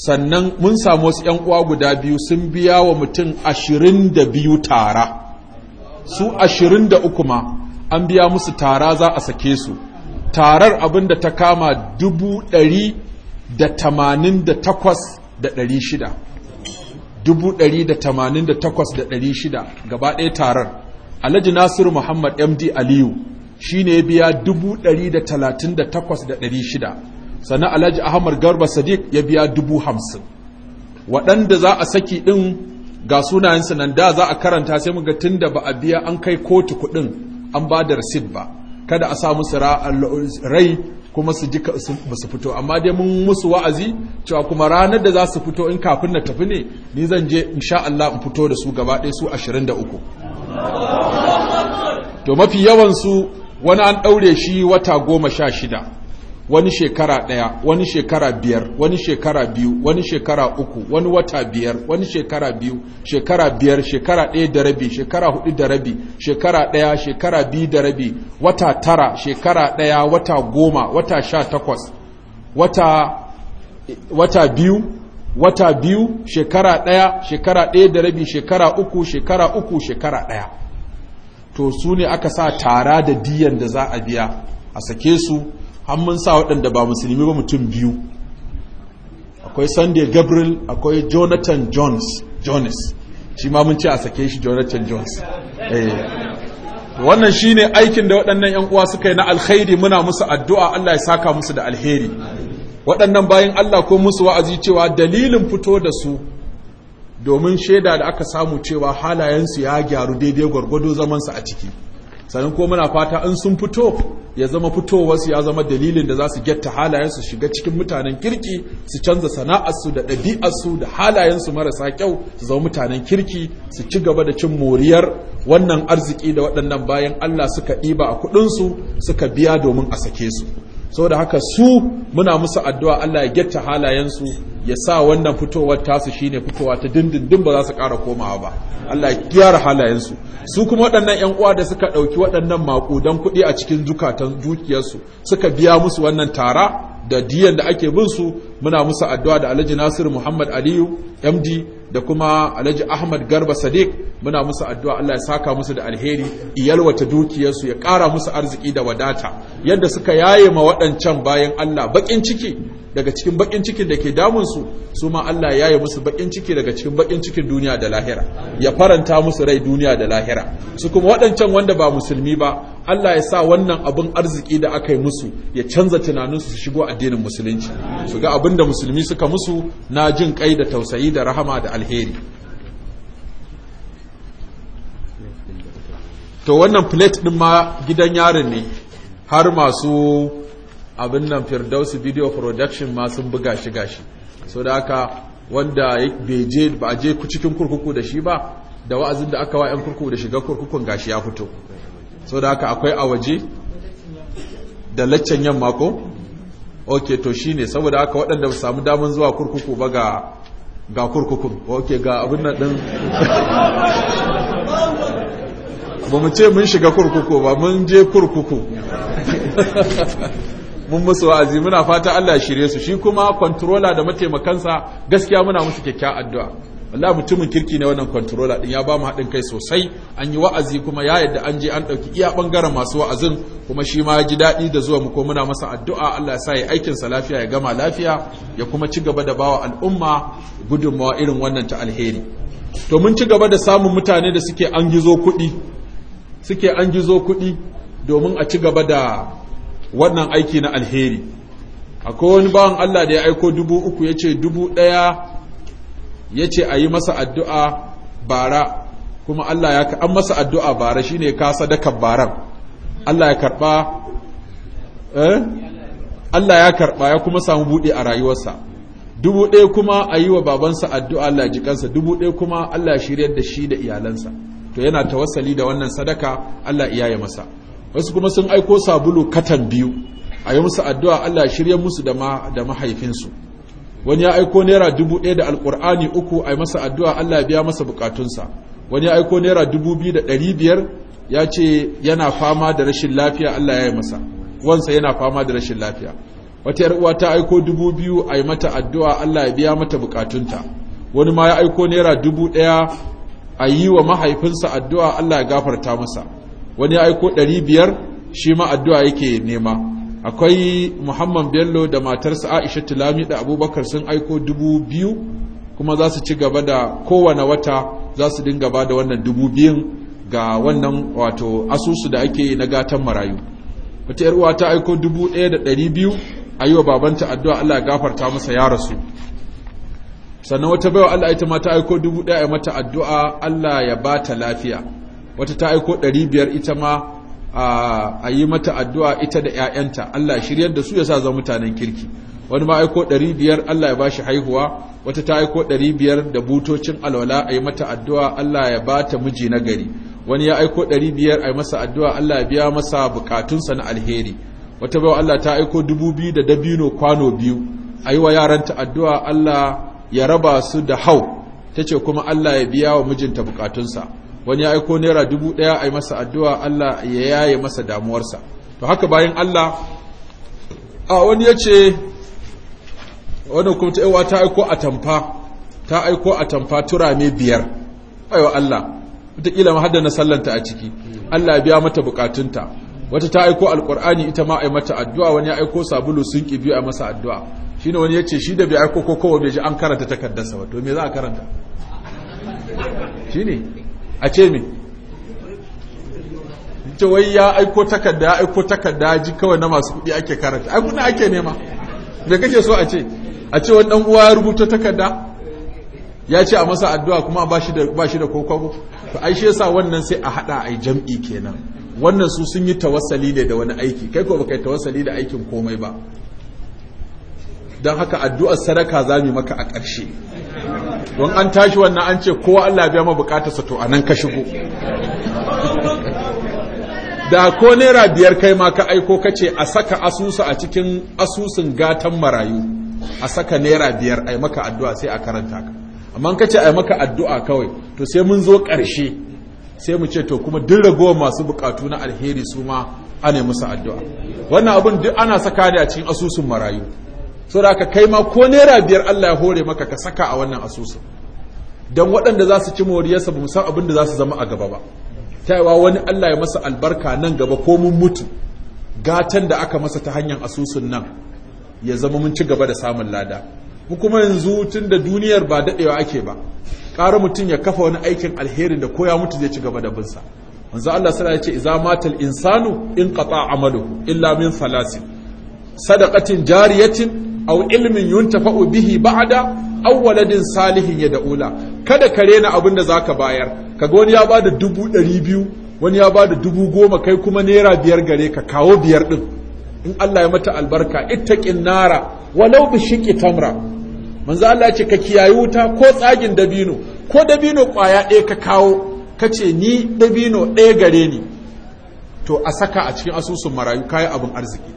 sannan mun samu wasu ‘yan uwa guda biyu sun biya wa mutum ashirin da biyu tara su ashirin da uku ma an biya musu tara za a sake su tarar abin da ta kama dubu ɗari da tamanin da takwas da ɗari shida dubu ɗari da tamanin da takwas da ɗari shida gaba ɗaya tarar alhaji nasiru muhammad md aliyu shi ne biya dubu ɗari da talatin da takwas da ɗari shida sannan alhaji ahmad garba sadiq ya biya dubu hamsin waɗanda za a saki ɗin ga sunayen nan da za a karanta sai muga tun da ba a biya an kai kotu kuɗin an ba da rasid ba kada a sa musu rai kuma su ji ba su fito amma dai mun musu wa'azi cewa kuma ranar da za su fito in kafin na tafi ne ni zan je sha Allah in fito da su gaba ɗaya su 23 to mafi yawan su wani an ɗaure shi wata goma sha shida wani shekara ɗaya wani shekara biyar wani shekara biyu wani shekara uku wani wata biyar wani shekara biyu shekara biyar shekara ɗaya da rabi shekara hudu da rabi shekara ɗaya shekara biyu da rabi wata tara shekara ɗaya wata goma wata sha takwas wata, wata biyu wata biyu shekara ɗaya shekara ɗaya da rabi shekara uku shekara uku shekara ɗaya to su ne aka sa tara da diyan da za a biya a sake su har mun sa waɗanda ba musulmi ba mutum biyu akwai sunday gabriel akwai jonathan jones jones shi ma mun ce a sake shi jonathan jones eh. wannan shi ne aikin da waɗannan 'yan uwa suka yi na alkhairi muna musu addu'a allah ya saka musu da alheri waɗannan bayan allah ko musu wa'azi cewa dalilin fito da su domin shaida da aka samu cewa halayensu ya gyaru daidai gwargwado zamansa a ciki sannan ko muna fata in sun fito ya zama fitowarsu ya zama dalilin da za su getta halayensu shiga cikin mutanen kirki su canza sana'arsu da ɗabi'arsu da halayensu marasa kyau su zama mutanen kirki su ci gaba da cin moriyar wannan arziki da waɗannan bayan Allah suka ɗiba a kuɗinsu suka biya domin a sake su saboda haka su muna musu addu'a Allah ya getta halayensu ya sa wannan fitowar tasu shine fitowa ta dindindin ba za su ƙara komawa ba Allah ya gyara halayensu su kuma waɗannan 'yan uwa da suka ɗauki waɗannan maƙudan kuɗi a cikin zukatan dukiyarsu suka biya musu wannan tara da diyan da ake bin su muna musu addu'a da Alhaji Nasiru Muhammad Aliyu MD da kuma alhaji ahmad garba sadiq muna musu addu'a allah ya saka musu da alheri iyalwata dukiyarsu ya kara musu arziki da wadata yadda suka yaye ma waɗancan bayan allah bakin ciki daga cikin baƙin cikin da ke damunsu su ma allah ya yaye musu bakin ciki daga cikin bakin cikin duniya da lahira ya faranta musu rai duniya da lahira su kuma waɗancan wanda ba musulmi ba Allah ya sa wannan abin arziki da aka yi musu ya canza tunaninsu su shigo addinin musulunci su ga abin da musulmi suka musu na jin kai da tausayi da rahama da alheri alheri to wannan plate din ma gidan yarin ne har masu abin nan firdausi video production ma sun buga shi gashi so da aka wanda beje ba a je cikin kurkuku da shi ba da wa'azin da aka wa 'yan kurkuku da shiga kurkukun gashi ya fito so da haka akwai a waje da laccan yamma ko ok to shi ne saboda haka waɗanda samu damar zuwa kurkuku ba ga ga kurkukun ok ga abin na ɗan *laughs* ba mu ce mun shiga kurkuku ba mun je kurkuku *laughs* mun musu wa'azi muna fata Allah shirye su shi kuma controller da mataimakansa gaskiya muna musu kyakkyawa addu'a Allah mutumin kirki ne wannan controller din ya ba mu haɗin kai sosai an yi wa'azi kuma ya yadda an je an ɗauki iya ɓangaren masu wa'azin kuma shi ma ya ji daɗi da zuwa mu ko muna masa addu'a Allah ya sa ya aikin sa lafiya ya gama lafiya ya kuma ci gaba da bawa al'umma gudunmawa irin wannan ta alheri to mun ci gaba da samun mutane da suke an gizo kuɗi suke an gizo kuɗi domin a ci gaba da wannan aiki na alheri akwai wani bawan Allah da ya aiko dubu uku ya ce dubu ɗaya ya ce a yi masa addu'a bara kuma Allah ya an masa addu'a bara shi ne ka sadakar baran Allah ya karɓa eh? Allah ya karɓa ya kuma samu buɗe a rayuwarsa dubu ɗaya kuma a yi wa babansa addu'a Allah ji kansa dubu ɗaya kuma Allah shiryar da shi da iyalansa to yana tawassali da wannan sadaka Allah iya ya masa wasu kuma sun aiko sabulu katan biyu a yi musu addu'a Allah shirya musu da mahaifinsu wani ya aiko naira dubu ɗaya da alkur'ani uku a masa addu'a Allah biya masa bukatunsa wani ya aiko naira dubu biyu da ɗari biyar ya ce yana fama da rashin lafiya Allah ya yi masa wansa yana fama da rashin lafiya wata yar uwa ta aiko dubu biyu a mata addu'a Allah ya biya mata bukatunta wani ma ya aiko naira dubu ɗaya a yi wa mahaifinsa addu'a Allah ya gafarta masa wani ya aiko ɗari biyar shi ma addu'a yake nema akwai muhammad bello da matarsa aisha tilami da abubakar sun aiko dubu biyu kuma za su ci gaba da kowane wata za su dinga ba da wannan dubu biyun ga wannan wato asusu da ake na gatan marayu wata 'yar uwa ta aiko dubu ɗaya da ɗari biyu a yi wa babanta addu'a allah gafarta masa ya rasu sannan wata baiwa allah ita ma ta aiko dubu ɗaya mata addu'a allah ya ba ta lafiya wata ta aiko ɗari biyar ita ma a yi mata addu'a ita da ‘ya'yanta Allah shiryar da su ya sa zama mutanen kirki wani ma aiko ɗari biyar Allah ya ba shi haihuwa wata ta aiko ɗari biyar da butocin alwala a yi mata addu'a Allah ya ba ta miji na gari wani ya aiko ɗari biyar a yi masa addu'a Allah ya biya masa bukatunsa na alheri wata bawa Allah ta aiko dubu biyu da dabino kwano biyu a yi wa yaranta addu'a Allah ya raba su da hau ta ce kuma Allah ya biya wa mijinta bukatunsa wani ya aiko naira dubu ɗaya a yi masa addu'a Allah ya yaye masa damuwarsa to haka bayan Allah a wani ya ce wani kuma ta yawa ta aiko a tamfa ta aiko a tamfa turame biyar aiwa Allah wataƙila ma haddana sallanta a ciki Allah ya biya mata bukatunta wata ta aiko alƙur'ani ita ma a yi mata addu'a wani ya aiko sabulu sun ƙi biyu a masa addu'a shi ne wani ya ce shi da bai aiko ko kowa bai ji an karanta takardarsa ba to me za a karanta shi ne a ce me ce wai ya aiko takarda ya aiko takarda ji kawai na masu kuɗi ake karanta ai kuna ake nema me kake so a ce a ce wani dan uwa ya rubuta takarda ya ce a masa addu'a kuma ba shi da ba shi da kokwabo to ai shi yasa wannan sai a hada ai jam'i kenan wannan su sun yi tawassali ne da wani aiki kai ko baka yi tawassali da aikin komai ba don haka addu'ar sadaka za mu maka a ƙarshe don an tashi wannan an ce kowa Allah biya sa to anan ka shigo da ko naira biyar kai ma ka aiko ka ce a saka asusu a cikin asusun gatan marayu a saka naira biyar a maka addu'a sai a karanta ka amma ka ce a maka addu'a kawai to sai mun zo ƙarshe sai mu ce to kuma duk ragowar masu bukatu na alheri su ma ana musu addu'a wannan abun duk ana saka ne a cikin asusun marayu saboda ka kai ma ko naira biyar Allah ya hore maka ka saka a wannan asusun don waɗanda za su ci moriyarsa ba san abin da za su zama a gaba ba Ta yawa wani Allah ya masa albarka nan gaba ko mun mutu gatan da aka masa ta hanyar asusun nan ya zama mun ci gaba da samun lada mu kuma yanzu tun da duniyar ba daɗewa ake ba ƙara mutum ya kafa wani aikin alherin da koya mutu zai ci gaba da binsa manzo Allah sallallahu ya ce idza matal insanu in qata amalu illa min salasin sadaqatin jariyatin aw ilmin yuntafa'u bihi ba'da aw waladin salihin ya yad'ula kada ka rena abin da zaka bayar kaga wani ya bada 200 wani ya bada 10,000 kai kuma naira biyar gare ka kawo biyar din in Allah ya mata albarka ittaqin nara walau bi shiqi tamra manzo Allah ya ce ka kiyayi wuta ko tsagin dabino ko dabino kwaya ɗaya ka kawo kace ni dabino ɗaya gare ni to a saka a cikin asusun marayu kayan abin arziki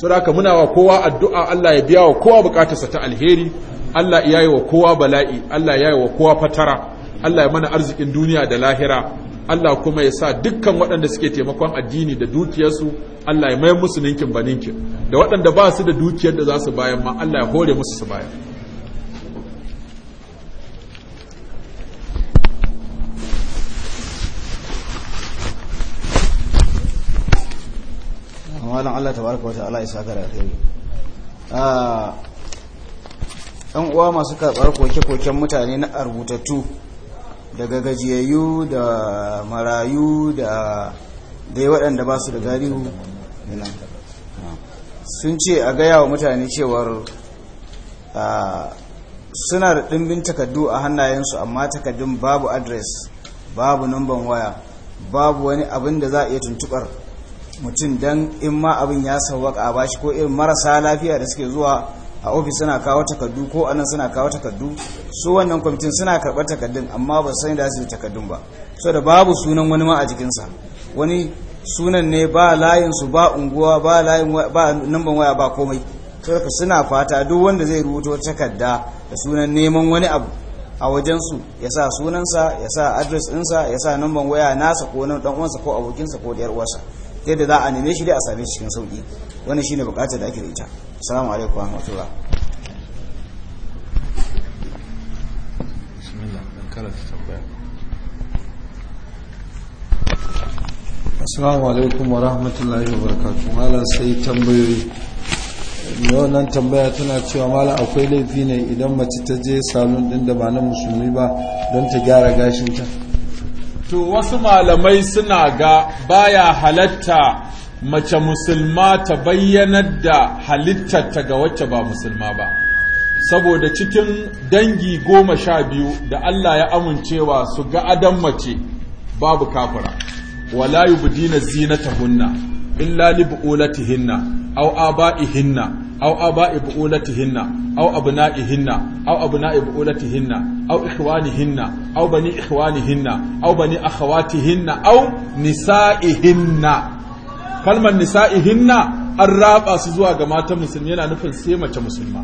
saboda muna wa kowa addu'a Allah ya biya wa kowa bukatarsa ta alheri Allah ya yi wa kowa bala'i Allah ya yi wa kowa fatara Allah ya mana arzikin duniya da lahira Allah kuma ya sa dukkan waɗanda suke taimakon addini da dukiyarsu Allah ya mai musu ninkin ba ninkin da waɗanda ba su da dukiyar da za su bayan ma Allah ya hore musu su bayan malam Allah tabaraka wa ta'ala isa ga alheri ɗan ah, uwa masu karɓar koke-koken mutane na arbutattu daga gajiyayyu da marayu da dai waɗanda ba su da galihu sun ce a gaya wa mutane cewar ah, suna da ɗimbin takaddu a hannayensu amma takardun babu adres babu numban waya babu wani abin da za a iya tuntuɓar mutum dan in ma abin ya sauwaka a bashi ko irin marasa lafiya da suke zuwa a ofis suna kawo takardu ko anan suna kawo takardu su wannan kwamitin suna karɓar takardun amma ba san da su takardun ba so da babu sunan wani ma a jikinsa wani sunan ne ba layin su ba unguwa ba layin ba namban waya ba komai da suna fata duk wanda zai rubuto takarda da sunan neman wani abu a wajen su ya sa sunansa ya sa adres ɗinsa ya sa namban waya nasa ko nan ɗan uwansa ko abokinsa ko ɗiyar uwarsa yadda za a neme shi dai a same shi cikin sauki wannan shine bukatar da ake da ita assalamu alaikum wa rahmatullah assalamu alaikum wa rahmatullahi wa barakatuh malam sai tambayoyi wannan tambaya tana cewa malam akwai laifi ne idan mace ta je salon din da ba na musulmi ba don ta gyara gashinta to wasu malamai suna ga baya halatta mace musulma ta bayyanar da halittarta ga wacce ba musulma ba saboda cikin dangi goma sha biyu da Allah ya amincewa su ga adam mace babu kafura wala yubdina zinatahunna illa li bu'ulatihinna aw aba'ihinna aw aba'i bu'ulatihinna aw abna'ihinna aw abna'i bu'ulatihinna aw ikhwanihinna aw bani ikhwanihinna aw bani akhawatihinna aw nisa'ihinna kalmar nisa'ihinna an raba su zuwa ga matan musulmi yana nufin sai mace musulma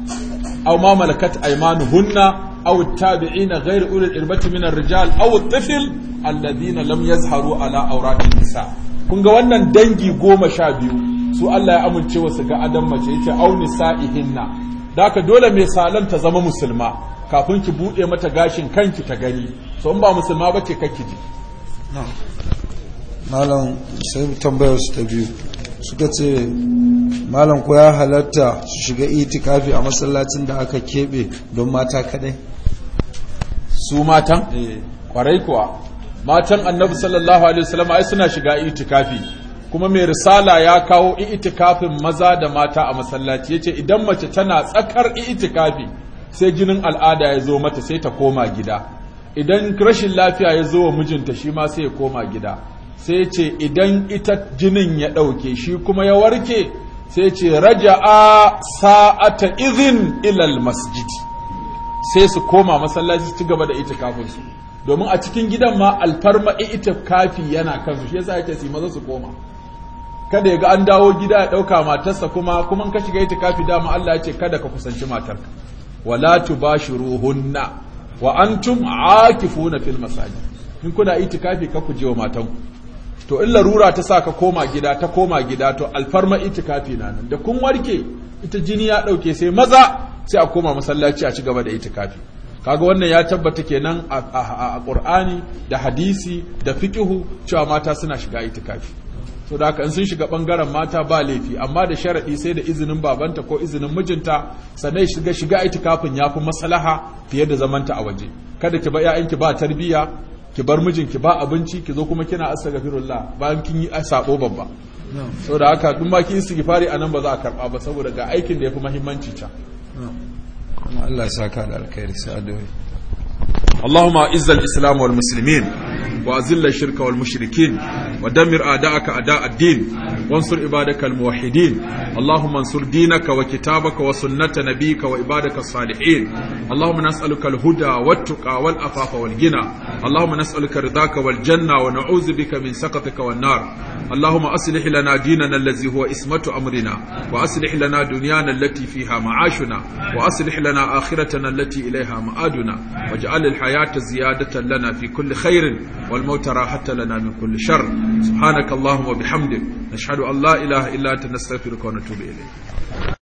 aw ma malakat aymanuhunna أو التابعين غير أولي الإربة من الرجال أو الطفل الذين لم يظهروا على أوراق النساء kun ga wannan dangi goma sha biyu su Allah ya amince wa su ga adam mace yake auni sa'ihinna ka dole mai salon ta zama musulma kafin ki bude mata gashin kanki ta gani so in ba musulma ba bace kanki ji malam sai tambayar su ta biyu suka ce malam ko ya halatta su shiga itikafi a masallacin da aka keɓe don mata kadai su matan eh. kwarai kuwa matan annabi sallallahu alaihi wasallam ai suna shiga itikafi kuma mai risala ya kawo itikafin maza da mata a masallaci yace idan mace tana tsakar itikafi sai jinin al'ada ya zo mata sai ta koma gida idan rashin lafiya ya zo wa mijinta shi ma sai ya koma gida sai ce idan ita jinin ya ɗauke shi kuma ya warke sai ce raja'a sa'ata izin ilal masjidi sai su koma masallaci ci gaba da itikafinsu domin a cikin gidan ma alfarma itikafi yana kansu shi yasa yake su maza su koma kada ya ga an dawo gida ya ɗauka matarsa kuma kuma ka shiga ita kafi, dama Allah ya ce kada ka kusanci matarka wala tubashiruhunna wa antum aakifuna fil masajid in kuna itikafi ka kuje wa matanku to in larura ta sa ka koma gida ta koma gida to alfarma itikafi na nan da kun warke ita jini ya ɗauke sai maza sai a koma masallaci a ci gaba da itikafi kaga wannan ya tabbata kenan a Qur'ani da hadisi da fiqhu cewa mata suna shiga itikafi so da in sun shiga bangaren mata ba laifi amma da sharadi sai da izinin babanta ko izinin mijinta sannan shiga shiga itikafin fi maslaha fiye da zamanta a waje kada ki ba 'ya'yanki ba tarbiya ki bar mijinki ba abinci ki zo kuma kina astaghfirullah bayan kin yi sabo babba so da haka duk ma kin istighfari anan ba za a karba ba saboda ga aikin da yafi muhimmanci ta Allah ya saka da alkhairi sa'adoi izzal islam wal muslimin وأذل الشرك والمشركين ودمر أعداءك أعداء الدين وانصر عبادك الموحدين اللهم انصر دينك وكتابك وسنة نبيك وعبادك الصالحين اللهم نسألك الهدى والتقى والأفاف والغنى اللهم نسألك رضاك والجنة ونعوذ بك من سخطك والنار اللهم أصلح لنا ديننا الذي هو اسمة أمرنا وأصلح لنا دنيانا التي فيها معاشنا وأصلح لنا آخرتنا التي إليها مآدنا واجعل الحياة زيادة لنا في كل خير والموت راحة لنا من كل شر سبحانك اللهم وبحمدك نشهد أن لا إله إلا أنت نستغفرك ونتوب إليك